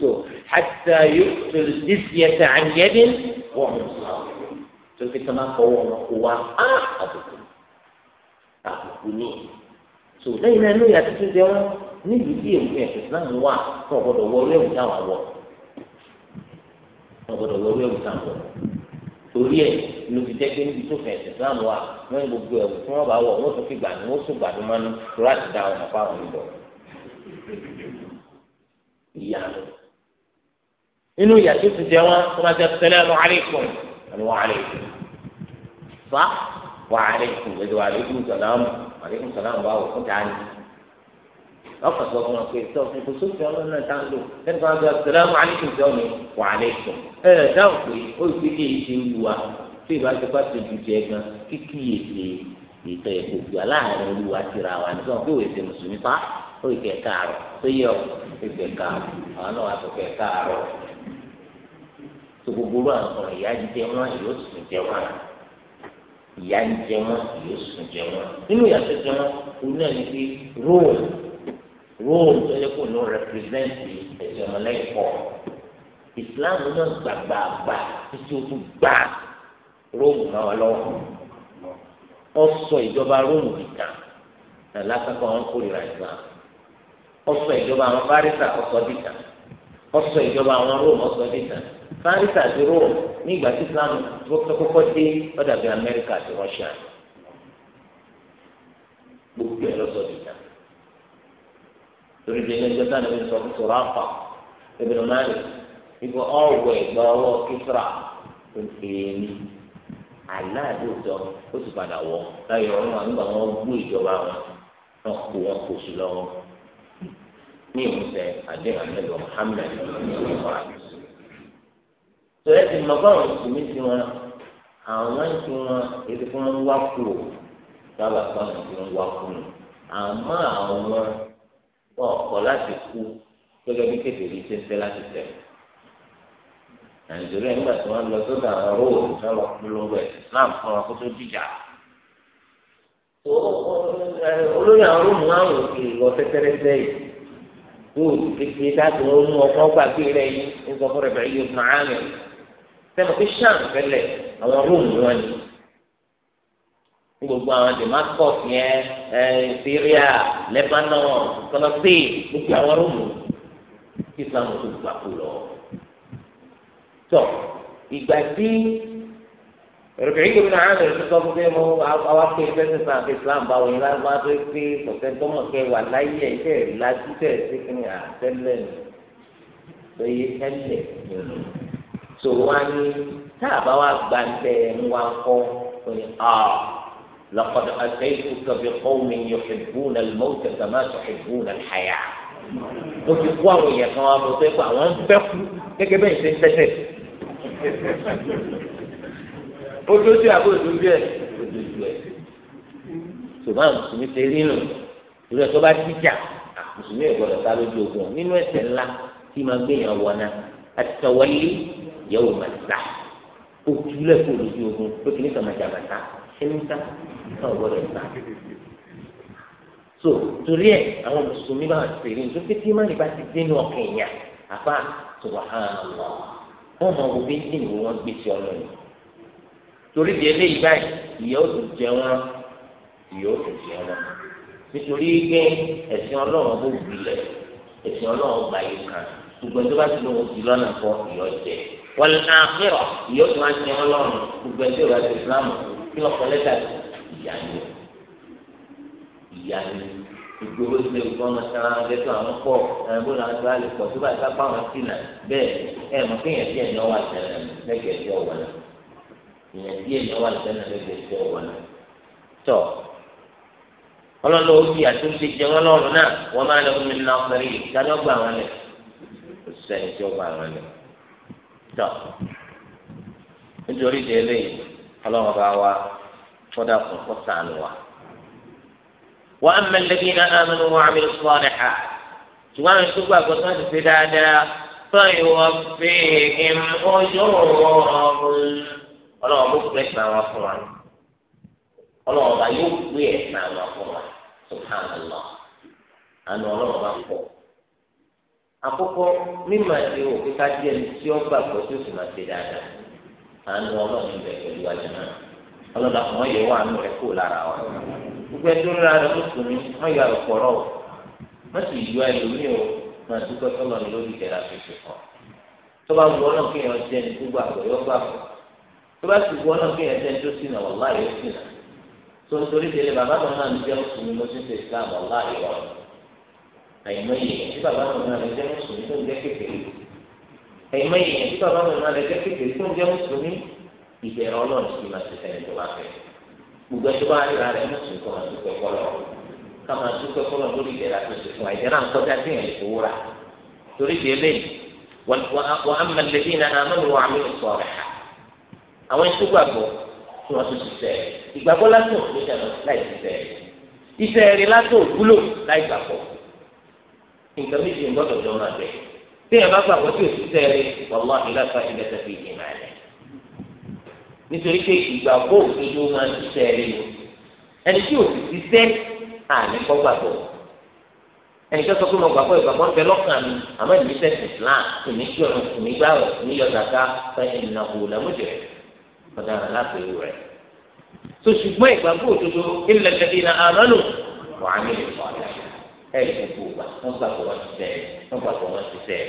so àtà yóò tó dísì ẹ̀sẹ̀ àyẹ́dín wọ̀ mí tó fi tán bá fọwọ́ kó wa á àbùkù àbùkù ní so lẹ́yìn náà inú yàtí tó jẹ́ wọn níbi tí èmi ẹ̀sẹ̀ náà wà tó ọ̀gbọ́dọ̀ wọ orí táwọn wọ̀ ọ̀gbọ́dọ̀ wọ orí táwọn wọ̀ torí ẹ̀ ló fi jẹ́ pé níbi tó fẹ̀ ẹ̀sẹ̀ wà wọn gbogbo ẹwù tí wọn bá wọ wọn tún fi gbàdúrà wọn tún gbàdúrà mọnú lóra ti dá ọmọ fáwọn ìbọ ìyanu inú ìyà tó ti jẹ wọn wọn máa jẹ sẹlẹmù aleikum àni wọn aleikum fa wọn aleikum lẹsẹ wọn aleikum salamu aleikum salamu báwo fún tani ọkọ sọ fún wọn pé sọ fún kò sófin Ọlọ́run náà tá ń lò ẹni kan á jẹ sẹlẹmù aleikum sọ ni wọn aleikum ẹ ẹ dáhùn pé ó ti kéde ìṣe ń lu wa tí ìbá ti pàṣẹ ju tiẹ̀ gan kíkí èsì ètò ẹ̀kọ́ gbà láàrin olúwa tìra wa nígbà pé òwe ṣe mùsùlùmí pa ó ì kẹ̀ káàrọ̀ tó yẹ ọ ìgbẹ̀ káàrọ̀ àwọn náà wà tó kẹ̀ káàrọ̀ tó gbogbo àwọn kan ìyá ń jẹ wọn yóò sùn jẹ wọn ìyá ń wọn yóò sùn jẹ wọn nínú ìyàtọ̀ jẹ wọn òun náà ní pé róòlù róòlù tó yẹ kó ló rẹpírẹsẹ̀ntì ẹ̀sìn ọmọlẹ́yìn pọ̀ ìsìláàmù náà gbàgbàgbà títí o tún gbà róòmù náà wà lọ́wọ́ wọ́n sọ ìjọba róòmù nìkan náà lásìkò àwọn kórìíra ìgbà wọ́n sọ ìjọba àwọn fárísà ọ̀sọ́ dìkan wọ́n sọ ìjọba àwọn róòmù ọ̀sọ́ dìkan fárísà àti róòmù ní ìgbà tí islam tó kọ́kọ́ dé ọ̀dà bíi amẹ́ríkà àti rọ́ṣíà gbogbo ẹ̀ lọ́sọ̀ dìkan torí délé ẹjọ́ táwọn ẹni sọ fún àpà ẹ̀bẹ̀rẹ̀ máa ń lè ibo ọ̀wọ̀ ìgbà ọwọ́ kíkra èmi aláàdótọ ó sì padà wọ láyé ọ̀run àwọn nígbà wọn gbó ìjọba wọn wọn kó wọn kó sí lọ́wọ́ ní ìmúṣẹ àdéhùn àmẹlò Muhammad ọlọ́pàá tọ́lẹ́ ti mọ báwọn mùsùlùmí ti wọn àwọn ti wọn ètò fún wọn wá kúrò sábà báwọn ti wọn wá kúrò àmọ́ àwọn wọn láti kú gẹ́gẹ́ bí kékeré ṣe ń fẹ́ láti tẹ̀lé. nàìjíríà nígbà tí wọ́n lọ sódà àwọn róòlù lọ polongo islam fún wọn kó tó dìjà olórí àwọn róòlù àwọn òkè lọ kékeré dáàbò wọn mú ọkọ rẹ yìí ní rẹ yóò Syria Lebanon kọlọsí gbogbo àwọn islam tó tọ̀ ìgbà tí Rabi'i ibn Amir tó sọ fún mi àwọn akéwì fẹsẹ̀ sàn àti Islam báwo ni láti máa tó pé kọ̀tẹ́ tó mọ̀ kẹ́ wà láyé ẹ̀ tẹ̀ lájú tẹ̀ sí kí ni àtẹ́lẹ̀ nù lóye ẹlẹ̀ nínú tó wá ní tá a bá wá gba tẹ̀ ń wá kọ́ ó ní à لقد أتيتك بقوم يحبون الموت كما تحبون الحياة. وفي قوة يا قوم تقوى وانفقوا كيف بين سنتين ó dójú àbò dójú ẹ̀ ó dójú ẹ̀ ṣùgbọ́n àwọn mùsùlùmí ṣe rí nù ìrẹ̀ tó bá tíjà mùsùlùmí ò gbọdọ̀ sá lójú ogun nínú ẹ̀ṣẹ̀ ńlá tí máa gbéyàn wọná àti tọwọ́lé yẹ̀wò màtá òtúlẹ̀ kó lójú ogun pé kìíní kan máa jàmàtá ẹni ń ta náà so torí ẹ àwọn mùsùlùmí bá ṣe rí nítorí pé tí má lè ti dénú ọkàn èèyàn àbá subhanallah wọn mọ òbí ń dìbò wọn gbé sí ọmọ yìí torí di eléyìí báyìí ìyá ó tún jẹ wọn ìyá ó tún jẹ wọn nítorí pé ẹ̀sìn ọlọ́run bó gbilẹ̀ ẹ̀sìn ọlọ́run gbà yìí kan ṣùgbọ́n tó bá ti lóun ti lọ́nà kọ ìyá jẹ wọn náà fẹ́rọ̀ ìyá ó tún wá jẹ wọn lọ́rùn gbogbo ẹgbẹ́ ìwà ti Islam kí wọ́n kọ ìyá ni ìyá ni ìgboro ti lè gbọ́n ọ̀sán lẹ́tọ̀ àwọn pọ̀ ẹ̀rọ náà tó a lè pọ̀ tó bá ìta pa wọn sílẹ̀ bẹ́ẹ̀ ẹ̀ mọ̀ kéèyàn díẹ̀ ní ọwọ́ àtẹ lẹ́gẹ̀ẹ́ tí ọwọ́ náà èèyàn díẹ̀ ní ọwọ́ àtẹ lẹ́gẹ̀ẹ́ tí ọwọ́ náà tọ̀ ọlọ́lọ́ ó fi àtúnṣe jẹ wọn lọ́rùn náà wọ́n máa lọ fún iná ọ̀pẹ̀rẹ̀ yìí وأما الذين آمنوا وعملوا الصالحات ṣùgbọ́n tó gbàgbọ́ tó ń ṣe dáadáa fẹ́yìn wọn fi ìmọ̀jọ́ ọ̀run ọlọ́wọ́n ló gbé ẹ̀sán wọn fún wa ọlọ́wọ́n bá yóò gbé ẹ̀sán wọn fún wa subhanallah àná ọlọ́wọ́n bá pọ̀ àkọ́kọ́ mímọ̀ ẹ̀sẹ̀ wò pé ká díẹ̀ tí ó gbàgbọ́ tó sì máa ṣe dáadáa àná ọlọ́wọ́n bẹ̀ pẹ̀lú àjẹmọ́ ọlọ́dà kò mọ̀ yẹ wà nù rẹ̀ kó lára wa gbogbo ẹni tó rírà rẹ mùsùlùmí wọn yọ àlùkọrọ o wọn sì yọ ẹlòmíì o máa dúpẹ́ sọlọ ní lórí ìjẹrà fífi kan tó bá wù ọ náà kéèyàn jẹ ní gbogbo àgbẹyọ gbà fún tó sì wù ọ náà kéèyàn jẹ ní tó sì nà wàlá yóò sì nà tó ń torí délé bàbá mi náà ń jẹ mùsùlùmí ló ti ṣe islam wàlá yọ àyìnbó yìí tí bàbá mi náà lè jẹ mùsùlùmí tó ń jẹ kékeré àyìnbó yìí tí bàbá mi náà lè jẹ kékeré tó ń jẹ mùsùlùmí ìbẹ̀rẹ̀ ọlọ́run sì máa ṣe fẹ́ẹ́ tó bá fẹ́ẹ́ gbogbo ẹjọ́ bá ríra rẹ̀ mọ̀sùn kọ́ máa dúpẹ́ kọ́lọ̀ ká máa dúpẹ́ kọ́lọ̀ lórí ìdẹ̀ra tó ti fún àìjẹ́ náà kọjá sí ìyẹn lè wúra torí di eléyìí wọ́n á máa lèbi iná àmọ́nù wọn àmì ìsọ̀rọ̀ ha àwọn ètò gbàgbọ́ tí wọ́n tún ti sẹ́ ìgbàgbọ́ látò lójà lọ láì ti sẹ́ iṣẹ́ rẹ̀ látò wúlò láì gbàgbọ́ nǹkan méjì ń gbọ́dọ̀ jọ máa bẹ̀ tí ẹ̀ bá gbàgbọ́ tí ò ti sẹ́ rẹ̀ wọ́n lọ́ nítorí pé ìgbàgbọ́ òdodo máa ń ṣiṣẹ́ rí o ẹni tí ò sì ṣiṣẹ́ àmì kọ́ gbàgbọ́ ẹni tó sọ pé mo gbàgbọ́ ìgbàgbọ́ ń bẹ lọ́kàn mi àmọ́ ìlú sẹ́sì Islam kò ní kí ọ̀run kò ní gbàwọ̀ ní yọ̀dàká fẹ́ ìnáwó lẹ́mọ̀jẹ̀ ọ̀daràn láti ìlú rẹ̀ tó ṣùgbọ́n ìgbàgbọ́ òdodo ilẹ̀ tẹ̀lé na àmọ́nù wà á nílò ìfọ̀dà ẹ̀ ìgbàgbọ́ wọn gbàgbọ́ wọn ti sẹ́ wọn gbàgbọ́ wọn ti sẹ́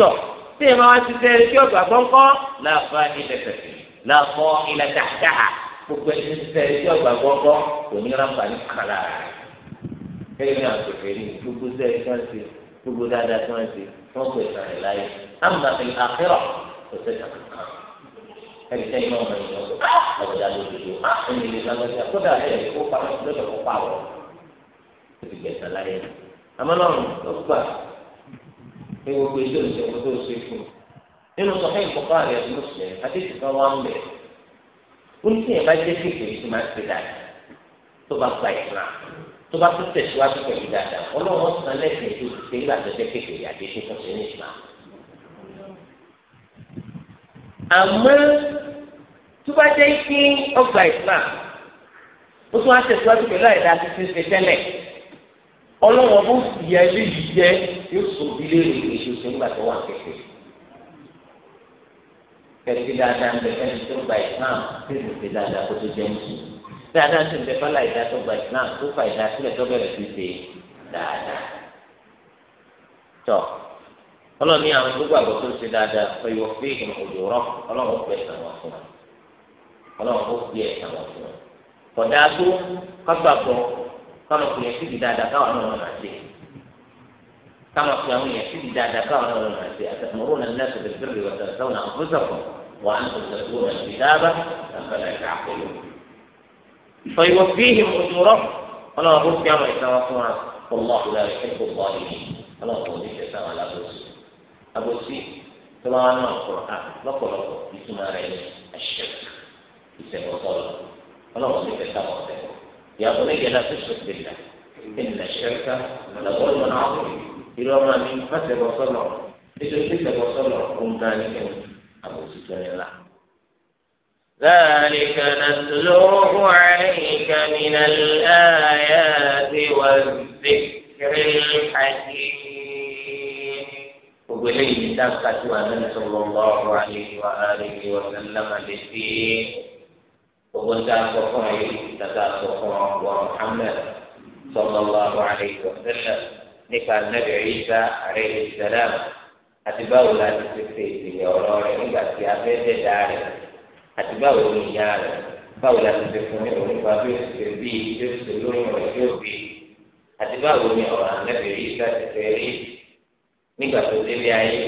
tọ́ tí ìmọ̀ wọn ti sẹ́ kí ọ̀gbàgbọ́ ńkọ́ láàfáà ilẹ̀ tẹ̀lé làkọ́ ilẹ̀ dáadáa gbogbo ẹni tẹ ẹjọ́ gbàgbọ́gbọ́ kò ní ránfààní kàlà kẹ́lẹ́ ní àwọn kẹfẹ́ rí gbogbo sẹ́ ẹ̀ tí wọ́n ti gbogbo dáadáa tí wọ́n ti wọ́n pè sàn ẹ̀ láyé àmà ẹ̀ àkẹ́rọ̀ kò sẹ́ kankan ẹni tẹ́ iná ọmọ ìyọ̀ ọ̀dà lódodo ẹni lè lágbájá kódà bẹ́ẹ̀ kó pa lọ́dọ̀ kó pa wọ̀ ó ti gbẹ̀sà láyé àmọ́ náà lọ́ gbà pé gbogbo ẹjọ́ ìṣẹ́wó tó ṣe fún nínú sọfẹ́ ìkọ̀kọ́ àrẹ mùsùlùmí àdéhùn kan wá ń bẹ̀. ó ní kíyàn bá jẹ́ kéèké tó máa ṣe dáadáa tó bá gba ìfúnra tó bá tún tẹ̀síwájú pẹ̀lú dáadáa ọlọ́run san lẹ́sìn ètò ìṣe ńlá tó jẹ́ kéèké àti ètò ìṣe ní ìṣúná. àmọ́ tó bá jẹ́ kí ọgbà ìfúnra ó tún á tẹ̀síwájú pẹ̀lú àìdá ọlọ́run ọdún ìyá ilé yìí jẹ́ yóò sọ ilé ìṣòṣe ńgbà tó wà kékeré kẹsí dáadáa ń bẹ ẹni tó gba islam tí ìlú fi dáadáa kó tó jẹ mùsùlùmí dáadáa sì ń bẹ fọlá ìdá tó gba islam tó fa ìdá sílẹ̀ tó bẹ̀rẹ̀ sí ṣe dáadáa tọ Ọlọ́run ní àwọn gbogbo àgbọ tó ṣe dáadáa ọyọ fi ìhìn òjò rọ Ọlọ́run ó fi ẹsẹ̀ wọn fún wọn Ọlọ́run ó fi ẹsẹ̀ wọn fún wọn kọdá tó kágbàgbọ kọlọkùnrin sì كما في يوم يشد دعدكم أتأمرون الناس بالبر وتنسون أنفسكم وأنتم تتلون الكتاب أفلا تعقلون فيوفيهم أجورهم ولا أقول كما يتوفون والله لا يحب الظالمين ولا أقول لك على أبو سي أبو سي طبعا القرآن لقوا لقوا بسم الشرك يسمى صلاة ولا أقول لك يا بني لا تشرك بالله إن الشرك لظلم عظيم ìlú ọmọ mi má ṣẹbọ sọlọ nítorí pé ṣẹbọ sọlọ òun gan ni àbòsí tó ní la. ذلك نتلوه عليك من الآيات والذكر الحكيم وبليه تبقى أن صلى الله عليه وآله وسلم للدين وقلت أصفه تتأصفه ومحمد صلى الله عليه وسلم nípa nàbì Ìsá alayhi salam àti báwo la ti ti ṣe ìpìlẹ̀ ọ̀rọ̀ rẹ̀ nígbà tí a fẹ́ dẹ̀dá rẹ̀ àti báwo ni ìyá rẹ̀ báwo la ti ti fún mi nípa bí o ṣe bí bí o ṣe lóyún rẹ̀ bí o bí àti báwo ni ọ̀rọ̀ nàbì Ìsá ti fẹ́ rí nígbà tó délé ayé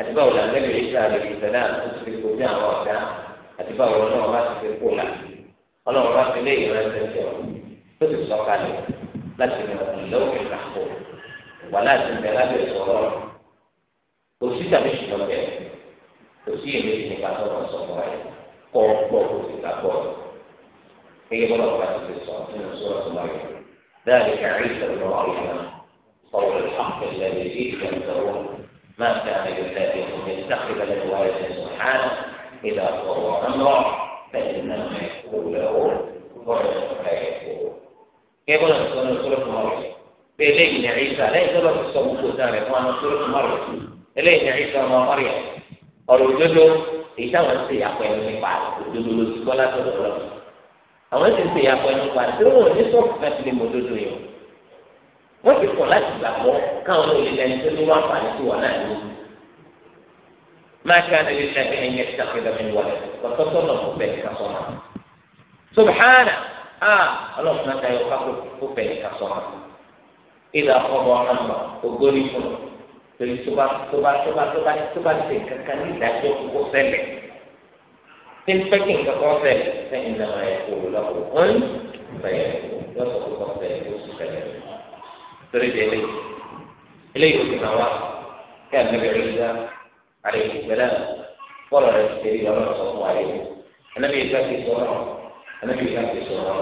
àti báwo la nàbì Ìsá alayhi salam tó ti kojú àwọn ọ̀dá àti báwo ọlọ́run bá ti fi kó la ọlọ́run bá ti lé ìrántí ẹ̀ ó sì sọ kalẹ̀ láti lọ́wọ́ ìlàkó. wà láti ń bẹ lábẹ́ ìsọ̀rọ̀ kò sí tàbí ṣùgbọ́n bẹ́ẹ̀ kò sí èmi nípa sọ̀rọ̀ sọ̀rọ̀ rẹ̀ kọ́ gbọ́ kó sì ká gbọ́ gẹ́gẹ́ bọ́lá ọ̀gá ti sọ nínú sọ̀rọ̀ sọ̀rọ̀ rẹ̀ ذلك عيسى بن مريم قول الحق الذي فيه يمترون ما كان لله ان يتخذ من ولد سبحانه اذا قضى امرا فانما يقول له ويقول كيف نقول سوره مريم pé eléyìí ní ẹ̀yìn sá lẹ́yìn tó lọ sí sọ gbogbo sáà rẹ̀ fún àwọn tó lọ́sùn mọ́rọ̀ eléyìí ní ẹ̀yìn sá ọmọ mọ́rọ̀ ọ̀rọ̀ òdodo èyí táwọn ń ṣe ìyàpọ̀ ẹnu nípa òdodo ló ti gbọ́ látọ̀dọ̀ lọ àwọn ti ń ṣe ìyàpọ̀ ẹnu nípa tí wọn ò ní sọ fún ẹtì lè mọ òdodo yìí wọn ti kọ̀ láti gbàgbọ́ káwọn olè lẹ́yìn tó ní wọn àǹfààní sí wọn náà ní máa ṣe àdéhùn ilé ẹgbẹ́ ẹ̀yẹ ti àpẹẹrẹ mi wọlé kọ̀tọ́tọ́ náà kò bẹ̀rẹ̀ ká sọ́mà subhana ah ọlọ́run náà ta yọ ká kó bẹ̀rẹ̀ ká sọ́mà ìlà ọmọ ọmọ ògbóni fún un torí tó bá tó bá tó bá tó bá tó bá ṣe kankan ní ìdájọ́ kókó ṣẹlẹ̀ tí ń fẹ́ kí nǹkan kan ṣẹlẹ̀ sẹ́yìn náà ẹ̀ kó o lọ́kọ̀ ọ́n bẹ̀rẹ̀ lọ́sọ̀ tó kọ́ ṣẹlẹ̀ tó sì ṣẹlẹ̀ torí de eléyìí eléyìí òfin àwa kí àgbẹ̀rẹ̀ rẹ̀ dá àrẹ ìgbẹ́lẹ̀ bọ́ọ̀lù rẹ̀ ti tẹ̀lé ọ̀rọ̀ sọ fún àrẹ yìí ẹnẹ́bí ìfẹ́ kìí sọ̀rọ̀ ẹnẹ́bí ìfẹ́ kìí sọ̀rọ̀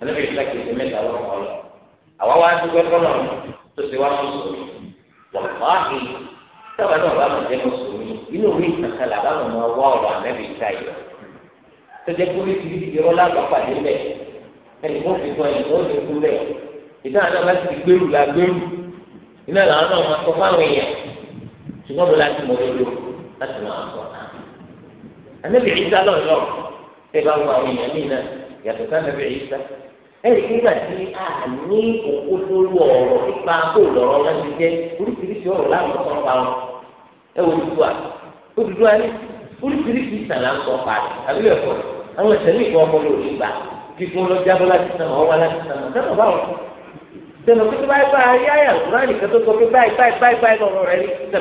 ẹnẹ́bí ìfẹ́ kìí sọ̀rọ̀ àwa wá dúpẹ́ fọlọ́ tó ṣe wá mùsùlùmí wàláhì sábà náà bá mọ̀ jẹ́ mùsùlùmí inú mi kankan làbá mọ̀ máa wá ọ̀rọ̀ ànábì ìta yìí tó jẹ́ kó ní tìbí ìrọ́ lágbàpàdé lẹ̀ ẹnì kó fi kan ẹnì kó fi kú lẹ̀ ìdá àná bá ti gbèrú la gbèrú iná làwọn náà máa sọ fáwọn èèyàn ṣùgbọ́n mo láti mọ lólo láti máa sọ náà ànábì ìta lọ́ọ̀lọ́ọ̀ ẹ̀rí nígbà tí a ní òkú tó lu ọ̀rọ̀ nípa kó lọ́rọ̀ wọn ti jẹ́ oríṣiríṣi ọ̀rọ̀ láwọn sọ pa wọn ẹ wo Odùduwà Odùduwà ní oríṣiríṣi ìtàn là ń sọ pa rẹ̀ àbí ẹ̀kọ́ àwọn ìṣẹ̀lẹ̀ ìkọ́ ọkọ lórí ìgbà kíkún lọ jábọ́ láti sàn ọ́ wá láti sàn ọ́ sẹ́nu báwọn sẹ́nu pé báyìí báyìí ayé àlùkò náà nìkan tó sọ pé báyìí báyìí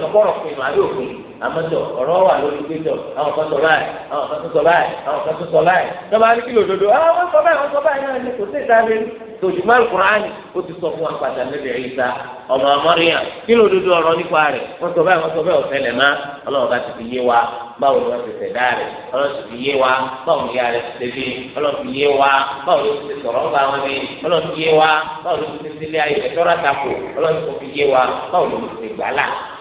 báyìí àmọ́tọ̀ ọ̀rọ̀ wà lórí péjọ àwọn kan sọ báyìí àwọn kan tún sọ báyìí àwọn kan tún sọ báyìí tọ́ba ní kílò òdodo àwọn ah, sọ báyìí àwọn sọ báyìí náà ni kò sí ìdáre tòjúmọ́ alukur'ani ó ti sọ fún apàtà níbi ìsa ọmọ amọ́ríyàn kílò òdodo ọ̀rọ̀ nípa rẹ̀ wọ́n sọ báyìí wọ́n sọ báyìí ọ̀fẹ́ lẹ̀ má ọlọ́run bá ti fi yé wa báwo ni wọ́n ti ṣẹ̀dá rẹ̀ ọlọ́run ti fi yé wa báwo ni ìyá rẹ̀ ti ṣe bí ọlọ́run fi yé wa báwo ni ó ti sọ̀rọ̀ ńgbà wọn ni ọlọ́run ti yé wa báwo ni ó ti ṣe sílé ayé rẹ̀ tọ́ra tako ọlọ́run fi yé wa báwo ni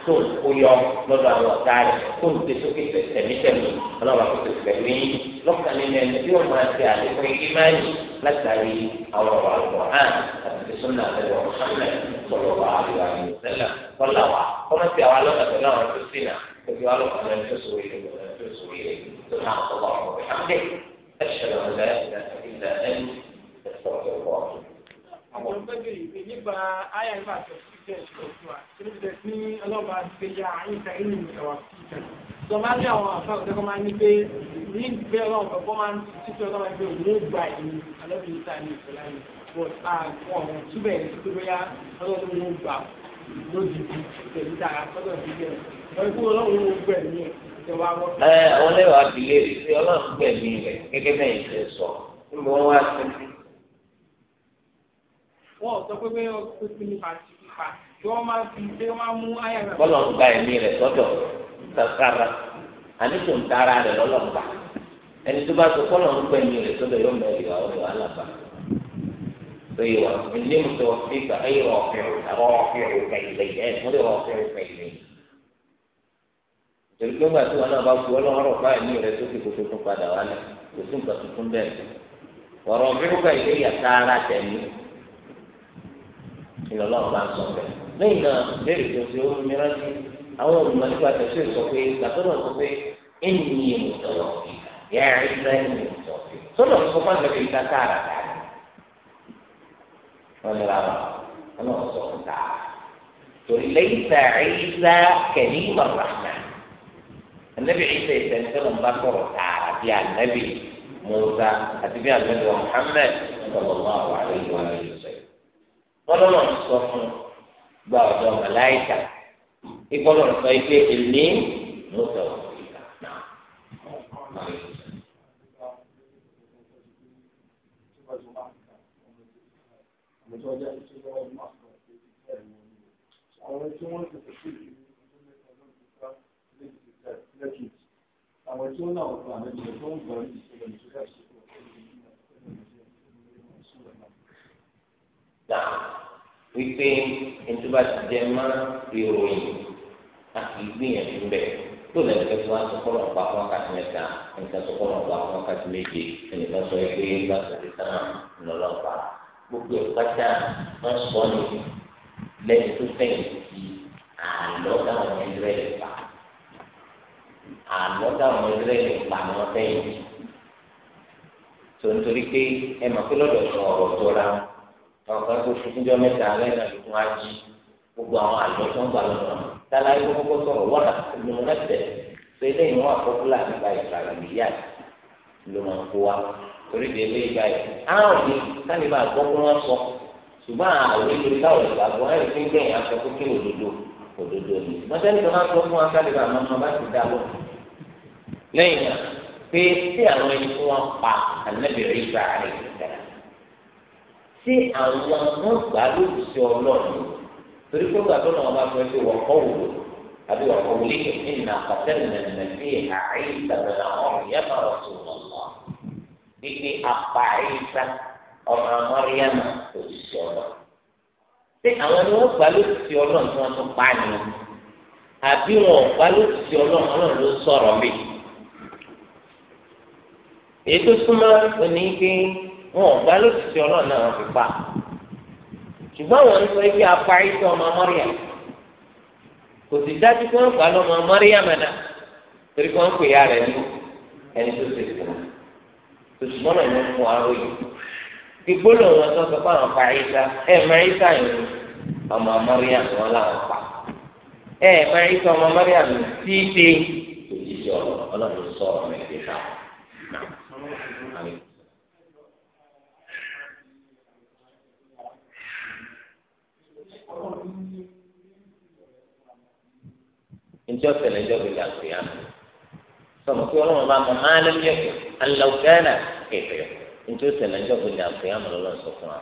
tó o yọ lọ́dọ̀ àwọn ọ̀tá rẹ̀ tó o gbé sókè tẹ̀mítẹ̀mí ọlọ́run àkókò pẹ̀lú yín lọ́kàn nínú ẹni tí wọ́n máa ṣe àlékún ìmáàyè látàrí àwọn ọ̀rọ̀ àgbọ̀ hàn àti sunna àtẹ̀wọ̀ Muhammad sọ̀rọ̀ wà àríwá yìí sẹ́lẹ̀ kọ́là wà kọ́mọ́sí àwa lọ́kàn pẹ̀lú àwọn tó sì nà pẹ̀lú àwọn tó sọ ilé tó sọ ilé tó náà kọ́ àwọn ọ̀gbẹ́gbẹ́ yìí nígbà ayé nígbà tó fi jẹ́ ìṣòro fún wa tí níbi tẹ̀ sí ọlọ́ba ti ya àyíká inú ìṣẹ̀wà sí ìṣẹ̀. sọ máa ní àwọn àfẹ́ òṣèlú kan máa ní pé ní ìgbé ọlọ́run kọ̀ọ̀kan máa ń títí ọlọ́run ẹgbẹ́ òun ní ìgbà ìlú alẹ́bí níta ní ìṣẹ̀lá yìí but àwọn ọ̀rọ̀ túbẹ̀ ní pé bóyá ọlọ́run ló gbà lójijì tẹ̀lé dára sọ́dọ̀ ìbílẹ̀ ọ̀rẹ́kùn ọlọ́run ló gbẹ̀ ní ẹ̀ ẹ wọn lè wá abilé ṣé ọlọ́run gbẹ̀mí rẹ̀ gẹ́gẹ́ bẹ́ẹ̀ ṣe sọ níbo wọn wá sí wọn ò sọ pé pé o ti ní pàtì pàtì tí wọ́n máa fi ṣé wọ́n máa mú ayé rẹ̀. bọ́lọ̀ ń gba ẹ̀mí rẹ̀ sọ́dọ̀ kankara àní tó ń tara rẹ̀ lọ́lọ́gbà ẹni tó bá sọ kọ́lọ̀ ń gba ẹ̀mí rẹ̀ sọ́dọ̀ yóò mẹ́rin wà ó lọ alábà tó yẹ wà ní mùsùlùmí wà fi gbà ẹ̀yẹ wà ọ̀fẹ́ àwọn ọ̀fẹ́ òkè ilẹ̀ yẹ ẹ̀fúnlẹ̀ wà ọ̀fẹ́ òkè ilẹ̀ yẹ torí pé ńgbà tí wọn náà bá gbọ́ lọ́rọ̀ bá ẹ̀mí rẹ̀ sókè kó tuntun padà wálẹ̀ kò sí nǹkan tuntun bẹ́ẹ̀ wọ̀rọ̀ bí ó gbà ilé yàtá ara tẹ̀mí ìlọlọ ọba ń sọ bẹ́ẹ̀ lẹ́yìn náà léèrè tó ṣe ó mi rántí àwọn olùmọ̀ nípa tẹsí sọ pé gbàtọdọ sọ pé ẹnìyí yẹn mọ tọrọ yẹ ẹ ẹ ní mọ tọrọ sọdọ sọ fún àgbẹbẹ ìta káàrà káàrà wọn ni rárá wọn náà sọ fún káàrà torí lẹ́yìn sàárẹ ìsá kẹlí ìmọ̀ràn náà anabi isa ìsẹ̀ntẹ́lẹ̀ ń bá sọ̀rọ̀ káàrà bí anabi musa àti bí anabi wa ọlọ́nà sọ fún gba ọ̀dọ̀ màláìkà ìgbọ́dọ̀ sọ pé èmi mo tọ̀ ìgbà náà. Àwọn ti fi náà wọ́n fún àmì ìṣẹ̀lẹ̀ tó ń gbọ́ ìṣẹ̀lẹ̀ tó yà sí. tàn wípé ntúbà ti jẹ mọ́ ìròyìn àti ìgbìyànjú bẹ́ẹ̀ tó lẹ́nu pé wọ́n á sọ fọ́nà pa fún wákàtí mẹ́ta nǹkan sọ fọ́nà pa fún wákàtí méje ẹnìkan sọ pé gbàgbọ́ ti tán ńlọ́lọ́pàá gbogbo ìpátá wọn sọ ní lẹ́nu tó fẹ̀yìn sí àlọ́ táwọn ẹgbẹ́ rẹ̀ pa àlọ́ táwọn ẹgbẹ́ rẹ̀ pa ni wọ́n fẹ̀yìn sí. tó ń torí pé ẹ mọ̀ pé lọ́dọ̀ sọ ọ̀rọ̀ tó ra wọn àwọn kan tó fúnjọ mẹ́ta lẹ́yìn náà lókun á jí gbogbo àwọn àlọ́ tó ń gbà lọ́nà tálá yìí tó kọ́kọ́ sọ̀rọ̀ wọ́n náà ló ń rẹ́tẹ̀ tó eléyìí wọn àkọ́kúlà nípa ìgbàlá ìyá ló máa ń kó wa torí de ilé ìgbà yìí àwọn yìí sáni máa gbọ́ kó wọ́n sọ ṣùgbọ́n àwọn ìlú táwọn ìgbàgbọ́ ẹ̀rí fi ń gbẹ̀yìn aṣọ kókè òdodo òdodo ni mọ́tẹ́lì tó máa sọ fún wa sáni máa máa bá ti dá lọ. lẹ́yìn náà pé tí àwọn ẹni tí wọ́n pa tí àwọn wọn gbà lóṣìṣẹ Ọlọ́run torí pé gbàgbọ́ náà wọn bá fẹ́ fi wọ́n kọ́ wò àbí wọ́n kọ́ wọlé ní nà pàtẹ́lì nàìjíríà fi àáyí ìtàgbẹ́ náà ọ̀rùn yẹn máa wọ́n tó wọ́n lọ. wípé apá àyíká ọmọ amọ́ríyàmà òṣìṣẹ́ Ọlọ́run. tí àwọn ni wọ́n gbà lóṣìṣẹ Ọlọ́run tí wọ́n tún pa ni àbí wọn gbà lóṣìṣẹ Ọlọ́run Ọlọ́run ló sọ̀rọ̀ mi. èyí tó súnmọ́ wọn ò gbá lóṣìṣẹ́ ọlọ́run náà wọ́n fi pa ṣùgbọ́n wọn ń sọ pé apá iṣẹ́ ọmọ mọ́ríà kò sì dájú pé wọ́n gbà lọ́mọ mọ́ríà mẹ́ta torí pé wọ́n pè ya rẹ̀ ní ẹni tó ṣe fún un ṣùgbọ́n náà wọ́n fún aró yìí gbígbóná wọn tó sọ pé àwọn pa iṣẹ́ ẹ̀ mọ iṣẹ́ yìí ọmọ mọ́ríà wọn làwọn pa ẹ̀ mọ iṣẹ́ ọmọ mọ́ríà mi tí ṣe òṣìṣẹ́ ọlọ́run sọ̀rọ̀ mẹ́tẹ̀ẹ̀ta. njẹ́ ọ̀sẹ̀lẹ̀ njẹ́ ọ̀gbẹ̀lẹ̀ àgbẹ̀yà sọmọ pé ọlọ́run bá mọ máa lẹ́nu yẹ aláwùgánà kẹfẹ́ njẹ́ ọ̀sẹ̀lẹ̀ njẹ́ ọ̀gbẹ̀lẹ̀ àgbẹ̀yà mọ̀ lọ́lọ́ sọ fún wa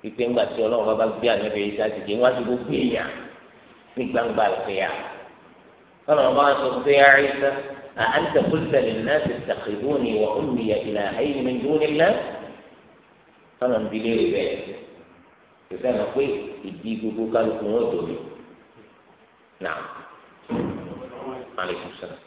pípé ńgbà tí ọlọ́run bá bá gbé ànábẹ́ yìí sáà dìde wọ́n á ti gbogbo èèyàn ní gbangba àgbẹ̀yà ọlọ́run bá sọ pé àrísà أأنت قلت للناس اتخذوني وأمي إلهين من دون الله فمن بليه ذلك ìfẹ́ mọ̀ pé ìdí gbogbo kálukú wọn dòdò Naam. Aleykum salaam.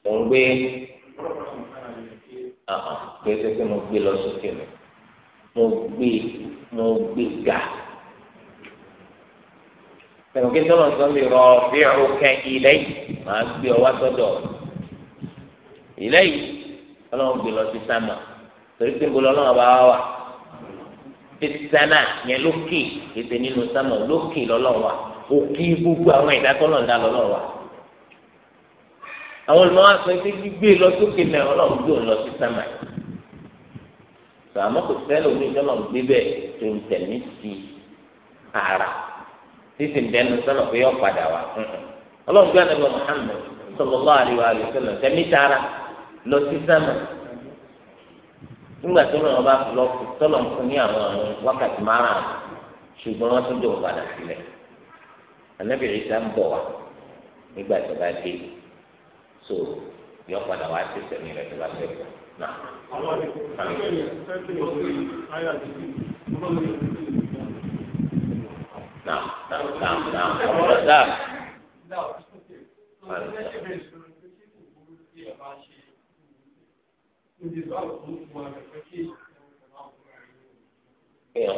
Mo ń gbé kí ẹsẹ̀ pé mo gbé lọ sókè mi. Mo gbé mo gbé ga. Tẹ̀wọ̀n kí sọ́nà sọ́n mi rọ bí ọ̀rọ̀ kẹ́ ilé yìí. Màá gbé ọ wá sọ́dọ̀ ilé yìí ọlọ́run gbé lọ sí sámà torí pé ńbọ lọ́lọ́run bá wà sí sámà yẹn lókè ètè nínú sámà lókè lọ́lọ́run wà òkè gbogbo àwọn ìdákọ́lọ̀ ńdá lọ́lọ́run wà àwọn olùmọ̀ wa sọ pé gbígbé lọ sókè náà ọlọ́run gbé òun lọ sí sámà sọ àmọ́ kò sẹ́ni omi ìjọlọ́run gbé bẹ́ẹ̀ tó ń tẹ̀lé sí ara títí ńdẹ́nu sọ́nà pé yọ padà wá ọlọ́run gbé ànábì Muhammad sallallahu alaihi wa sallam tẹ̀mí tara lọ sí sámà nígbà tó lọ́nà bá lọ tọ́lọ̀ ń fún ní àwọn àrùn wákàtí márùn-ún ṣùgbọ́n wọ́n tún dùn padà sílẹ̀ Ànábì Ìsá ń bọ̀ wá nígbà tó bá dé so yọ padà wá sí sẹ́mi rẹ̀ tó bá fẹ́ bọ̀ náà. àwọn ẹgbẹ́ fẹ́ kí ló fi ayé àti náà náà náà ọ̀rọ̀ dáa kéèyàn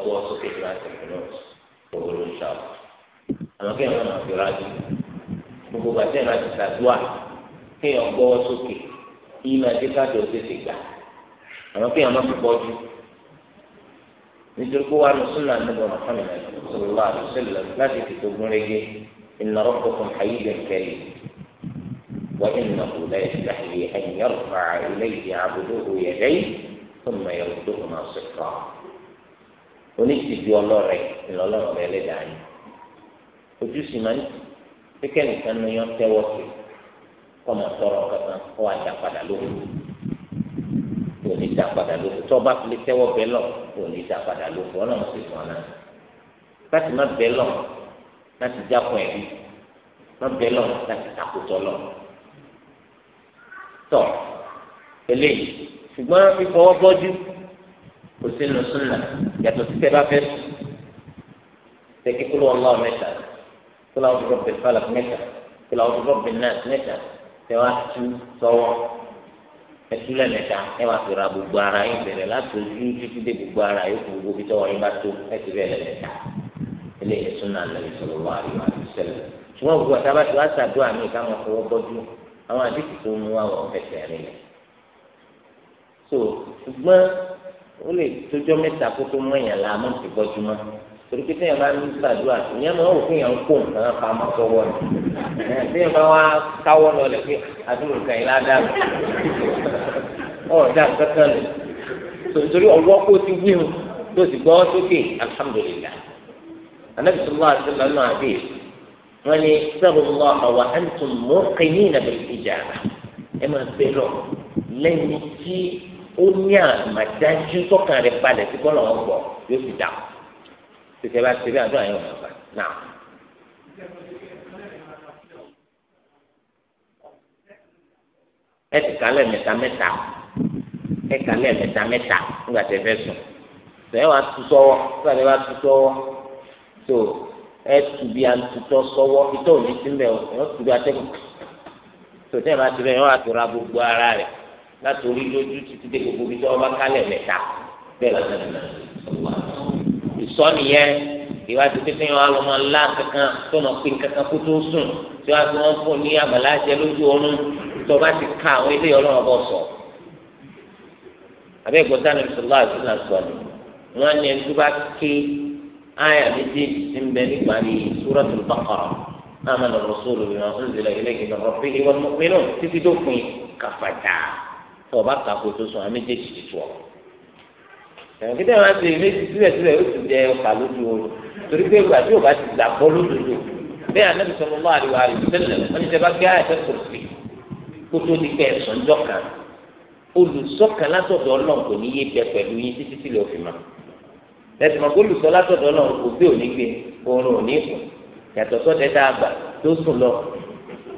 kó sókè tí wàá tẹ̀lé lọ gbogbo ló ṣá o àmọ́ kéèyàn máa fi rájú gbogbo bàtẹ́ ìrìn àti ṣàdúrà kéèyàn gbọ́wọ́ sókè yìí máa dé káàdì òtítì gbà àmọ́ kéèyàn máa fi pọ́jú nítorí pé wàá lọ súnà nígbà Muhammad sallallahu alaihi wasallam láti fi tó gúnrégé ìnáró kọkàn ayé ìgbẹ̀kẹ́ yìí. وإنه لا يستحي أن يرفع إليه عبده يديه ثم يردهما صفرا oníṣìjú ọlọ́rẹ̀ ńlọlọ́rọ̀ rẹ lẹ́dàá ni ojú sì máa ń pékẹ́ nìkan ní yọ tẹ́wọ́ sí kọ́mọ tọrọ kankan kó wá dá padà lóhùn kò ní dá padà lóhùn tó bá fi tẹ́wọ́ bẹ́ẹ̀ lọ kò ní dá padà lóhùn ọlọ́run sì fún ọ náà láti má bẹ́ẹ̀ lọ láti jápọ̀ ẹ̀rí má bẹ́ẹ̀ lọ láti takùtọ̀ lọ tọ̀ eléyìí ṣùgbọ́n fífọwọ́ bọ́jú kò sínú súnà yàtọ̀ sí tẹ́lá fẹ́ sùn tẹ́kí kúlọ̀ ọlọ́ọ̀ mẹ́ta kúlọ̀ ọdún rọ̀bì falak mẹ́ta kúlọ̀ ọdún rọ̀bì náà mẹ́ta tẹ́wá tú sọ́wọ́ ẹtúlẹ̀ mẹ́ta ẹ wá fìrà gbogbo ara yín bẹ̀rẹ̀ láti ojú títí dé gbogbo ara yín kó gbogbo tọ́wọ́ yín bá tó ẹ ti bẹ̀rẹ̀ mẹ́ta eléyìí súnà nàbì sọ̀rọ̀ wà á àwọn àdìsí tó mú wa wọn fẹsẹ̀ rìn lẹ̀ so ṣùgbọ́n ó lè tójọ́ mẹ́ta kó tó mọ èèyàn láàmú ti gbọ́júmọ́ torí pé téèyàn bá ń gbàdúrà ìyẹn máa ń rò pé èèyàn ń kó nǹkan pamọ́ sọ́wọ́ ni téèyàn bá wá káwọ́ lọ lẹ̀ pé àdúrò kan yìí ládàá ọ̀dà kankan lẹ̀ torí ọwọ́ kó ti wíhun tó sì gbọ́ sókè alhamdulillah anabi sallallahu alaihi wasallam náà àbí èso wọn ni sábàlá ọwọ àǹtò mọ́kànnì nàbẹ̀ ìjà ẹ máa bẹ lọ lẹ́ni tí ó ní àmàdájú tọkàn rẹ balẹ̀ sí bọ́lá wọn bọ̀ yóò sì dà tètè bá tètè àdúrà yẹn wọn bá náà. ẹ ti kálẹ̀ mẹ́ta mẹ́ta ẹ kálẹ̀ mẹ́ta mẹ́ta nígbà tẹ fẹ́ sùn tẹ wàá tu sọ́wọ́ tẹ wàá tu sọ́wọ́ tó ẹtùbí àtútọ sọwọ ìtọ òní sí mbẹ ọ tùbí atẹkùn tòtí ẹ máa ti rẹ yọ àtúrà gbogbo ara rẹ láti orí lójú títí dé gbogbo ibi tí wọn bá kálẹ̀ mẹ́ta bẹ́ẹ̀ lọ́sẹ̀ nìyẹn ìsọ́niyẹn ìwádìí pé kéèyàn alọ́ máa lá kankan tó máa pín kankan kó tó sùn tí wọ́n á fi wọ́n fún ní àgbàlá jẹ lójú oorun tó bá ti ka àwọn ilé ọlọ́run ọbọ̀ sọ. àbẹ́ ìgbọ́sán ní bisalòlá àti nàṣọ́ọ̀lù wọ́n ní ẹni tó bá ké آية مثل من بني يعني سورة البقرة آمن الرسول بما أنزل إليه من ربه والمؤمنون تتدفني كفتا فبقى قلت سوى من جيش سوى ẹ̀wọ̀n kí tẹ̀wọ́n ṣe méjì síbẹ̀síbẹ̀ ó sì jẹ ọkà lójú oorun torí pé ìgbà tí ò bá ti là bọ́ lódodo bẹ́ẹ̀ anábì sọ̀rọ̀ lọ́wọ́ àríwá àríwá tẹ́lẹ̀ wọ́n ní sẹ́bá gbé àyẹ̀fẹ́ kò sí kó tó di pé ẹ̀sán jọ̀kan olùsọ̀kan látọ̀dọ̀ ọlọ́run kò ní yé bẹ pẹ̀lú yín títí tí lè fi máa ẹsùn mọ̀ kó lùsọ látọ̀dọ̀ náà kò sí òní gbé oorun òní kù yàtọ̀ sọ́dẹ̀ tá a gbà tó sùn lọ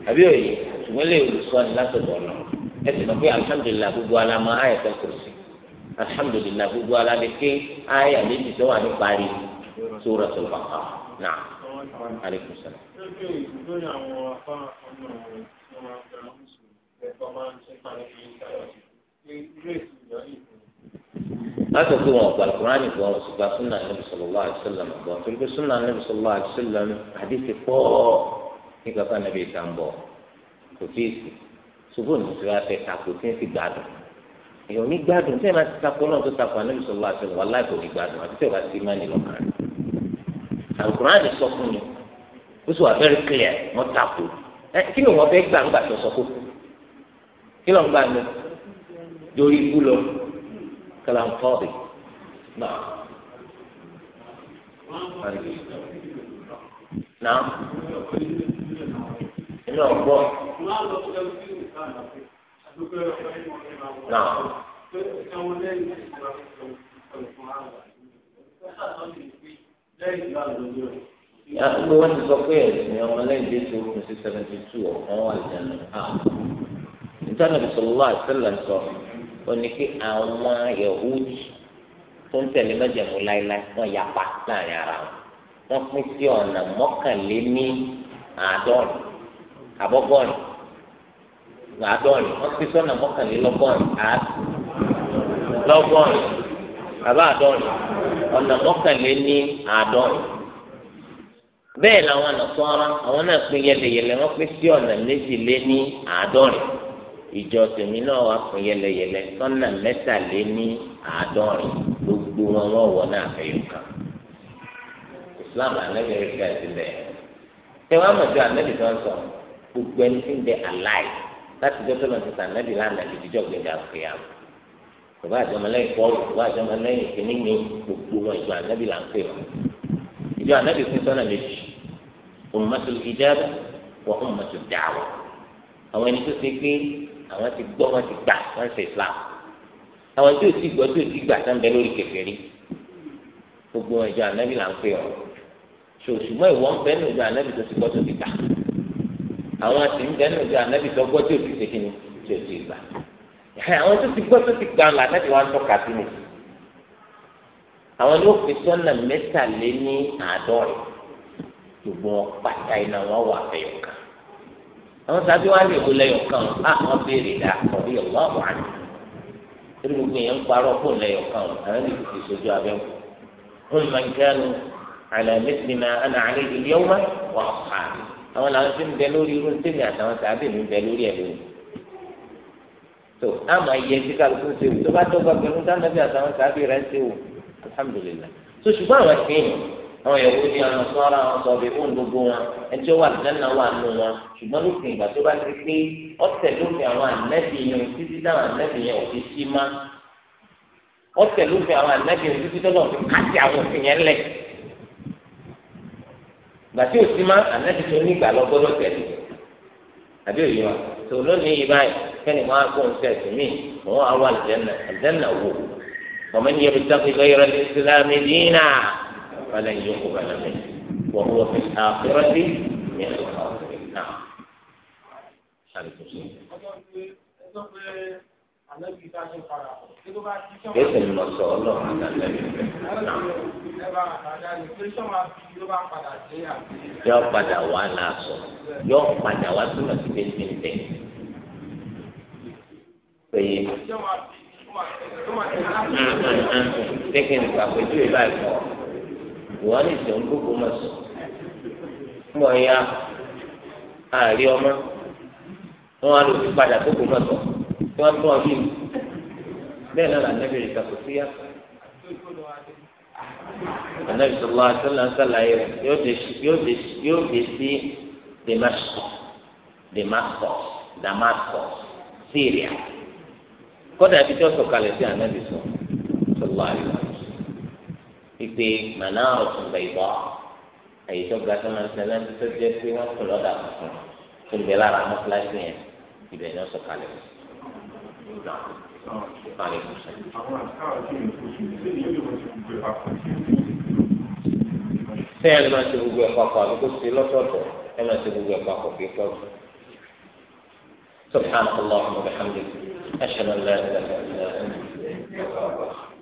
àbí òye ṣùgbọ́n lè lùsọ ni látọ̀dọ̀ náà ẹsùn mọ̀ pé alihamudulilá gbogbo alamọ ayẹtọ̀ kò sí alihamudulilá gbogbo alamọ ké ayẹ méjì tó wà ní parí sóra tó bá kà náà aleykum salaam. Grace látọ̀ pé wọn ọ̀gbà kúránì gbọ́ wọn ṣùgbọ́n súnà níbi sallallahu alaihi wasallam gbọ́ torí pé súnà níbi sallallahu alaihi wasallam àdìsí pọ̀ nígbà kan níbi ìta ń bọ̀ kò tí ì sí ṣùgbọ́n ní ti wá fẹ́ tako tí ń fi gbádùn èèyàn ní gbádùn tí ẹ máa ti tako náà tó tako níbi sallallahu alaihi wasallam wallahi kò ní gbádùn àti tí ò bá ti má nílò kan àlùkùránì sọ fún mi ó sì wà very clear wọn tako ẹ kí ni wọn fẹ́ gbà ńgbà tó sọ fún kí كلام فاضي نعم نعم إنه أخبار نعم gbogbo wọn ti sọ pé ẹsìn ọmọ lẹ́yìn jésù ọmọ sí seventy two ọkàn wà lẹ́nu ha nítorí Ànábì sallallahu alaihi wasallam òní pé àwọn yahudi tó ń tẹ̀lé mẹ́jẹ̀mú láéláé wọ́n yapa láàrin ara wọn wọ́n pín sí ọ̀nà mọ́kànléní àádọ́rin àbọ́gọ́rin àádọ́rin wọ́n pín sí ọ̀nà mọ́kànlélọ́gọ́rin lọ́gọ́rin àbá àádọ́rin ọ̀nà mọ́kànléní àádọ́rin bẹ́ẹ̀ làwọn ànàsọ́ra àwọn náà pín yẹlẹyẹlẹ wọ́n pín sí ọ̀nà méjìléní àádọ́rin ìjọ tèmi náà wà fún yẹlẹyẹlẹ tọ́nà mẹ́tàléní àádọ́rin gbogbo wọn wọ́n wọ náà fẹ́yọ̀ kan islam anẹ́gbẹ̀rẹ́gbẹ̀ ìdílé ẹ wá mọ̀ sí anẹ́bí tó ń sọ gbogbo ẹni tí ń bẹ aláì láti dọ́tọ́ lọ́n ti sàn anẹ́bí lánàá ìdíjọ́ gbẹ̀dẹ̀ àfẹ́yà bàbá àjọmọlẹ́yìn pọ́ọ̀lù bàbá àjọmọlẹ́yìn kìnnìkì gbogbo wọn ìjọ anẹ́bí là ń pè wọn ìjọ anẹ́bí fún sọ́nà méjì ummatul ijaba wa ummatud da'wa àwọn ẹni tó ti pé àwọn ti gbọ́ wọn ti gbà wọn ṣe islam àwọn tí ò ti gbọ́ tí ò ti gbà sáà ń bẹ lórí kèfèrí gbogbo ìjọ ànábì là ń pè wọn ṣòṣùmọ́ ìwọ ń bẹ ní ìjọ ànábì tó ti gbọ́ tó ti gbà àwọn àti ń bẹ ní ìjọ ànábì tó gbọ́ tí ò ti ṣe kí ni tí ò ti gbà àwọn tó ti gbọ́ tó ti gbà là láti wá ń tọ́ka sí mi àwọn ni fi sọ́nà mẹ́tàléní àádọ́rin gbogbo wọn pàtàkì náà wọ́n wà fẹ́yọ̀ kan àwọn sábẹ́ wá lè wọlé ọ̀kan á wọn béèrè dá ọ̀bí ọ̀wọ́ àwọn àná torí gbogbo èèyàn ń parọ́ kó lè ọ̀kan àwọn lè fi sojú abẹ́ wọn. wọn máa ń kẹ́nu àlẹ́ mẹ́tìrì náà àná àlẹ́ ìlú yẹ́wọ́ máa wọ́n pa àwọn làwọn ti ń bẹ lórí irú tèmi àtàwọn sábẹ́ mi ń bẹ lórí ẹ̀ tó a máa yẹ sí kálukú ṣe wò tó bá dọ́gba pẹ̀lú dáná bí àtàwọn sábẹ́ rẹ̀ ṣe wò àwọn ìyàwó ní àwọn sọ́ra àwọn sọ̀rọ̀ ìhùn gbogbo wọn ẹtí ó wà lẹ́nà wà nù wọn ṣùgbọ́n lópin ìgbà tó bá ti pé ọ̀tẹ̀ lófin àwọn ànẹ́bí yẹn títí táwọn ànẹ́bí yẹn ò fi sí má ọ̀tẹ̀ lófin àwọn ànẹ́bí yẹn títí tọ́lọ̀ fi káàtì àwọn òfin yẹn lẹ̀ gbà tí ò sí má ànẹ́bí tó nígbà lọ gbọ́dọ̀ tẹ̀lé àbí òye wa tó lónìí yìí báyìí kẹ́ni wọn á فلن يقبل منه وهو في الآخرة من الخاسرين نعم Kéésì ni mo sọ ọlọ́run àtàlẹ́bí rẹ̀. Yọ padà wá láàsọ. Yọ padà wá túmọ̀ sí méjì ń bẹ̀. Péye. Pékin ìgbàgbé tí ìlú àìsàn ìwọ ní ìsìn gbogbo mọ̀ sí mbọ̀ ya àárí ọmọ wọn á lò sí padà gbogbo mọ̀ sọ tí wọ́n tún ọdún yìí bẹ́ẹ̀ náà lànàbì rẹ̀ kàkó sí yá lànàbì sọ̀rọ̀ àtúnlá sàlàyé rẹ̀ yóò dé sí Damascus Damascus Damascus Syria kódà ibi tí wọ́n sọ̀kalẹ̀ sí ànàbì sọ̀rọ̀ sọ̀rọ̀ àyè wọn. pípé mànáàrọ̀ tún bẹ̀ ìbọ̀ àyè tó ga tó máa ń sẹ́lẹ̀ ní tó jẹ́ pé wọ́n kọ̀ lọ́dà tuntun tó lè lára mọ́ kíláàsì yẹn ibẹ̀ ni wọ́n sọ kalẹ̀ sẹ́yìn ló máa ṣe gbogbo ẹ̀kọ́ àpò àbí kó ṣe lọ́sọ̀ọ̀tọ̀ ẹ̀ máa ṣe gbogbo ẹ̀ papọ̀ kí pọ̀ jù. سبحانك اللهم وبحمدك أشهد أن لا إله إلا أنت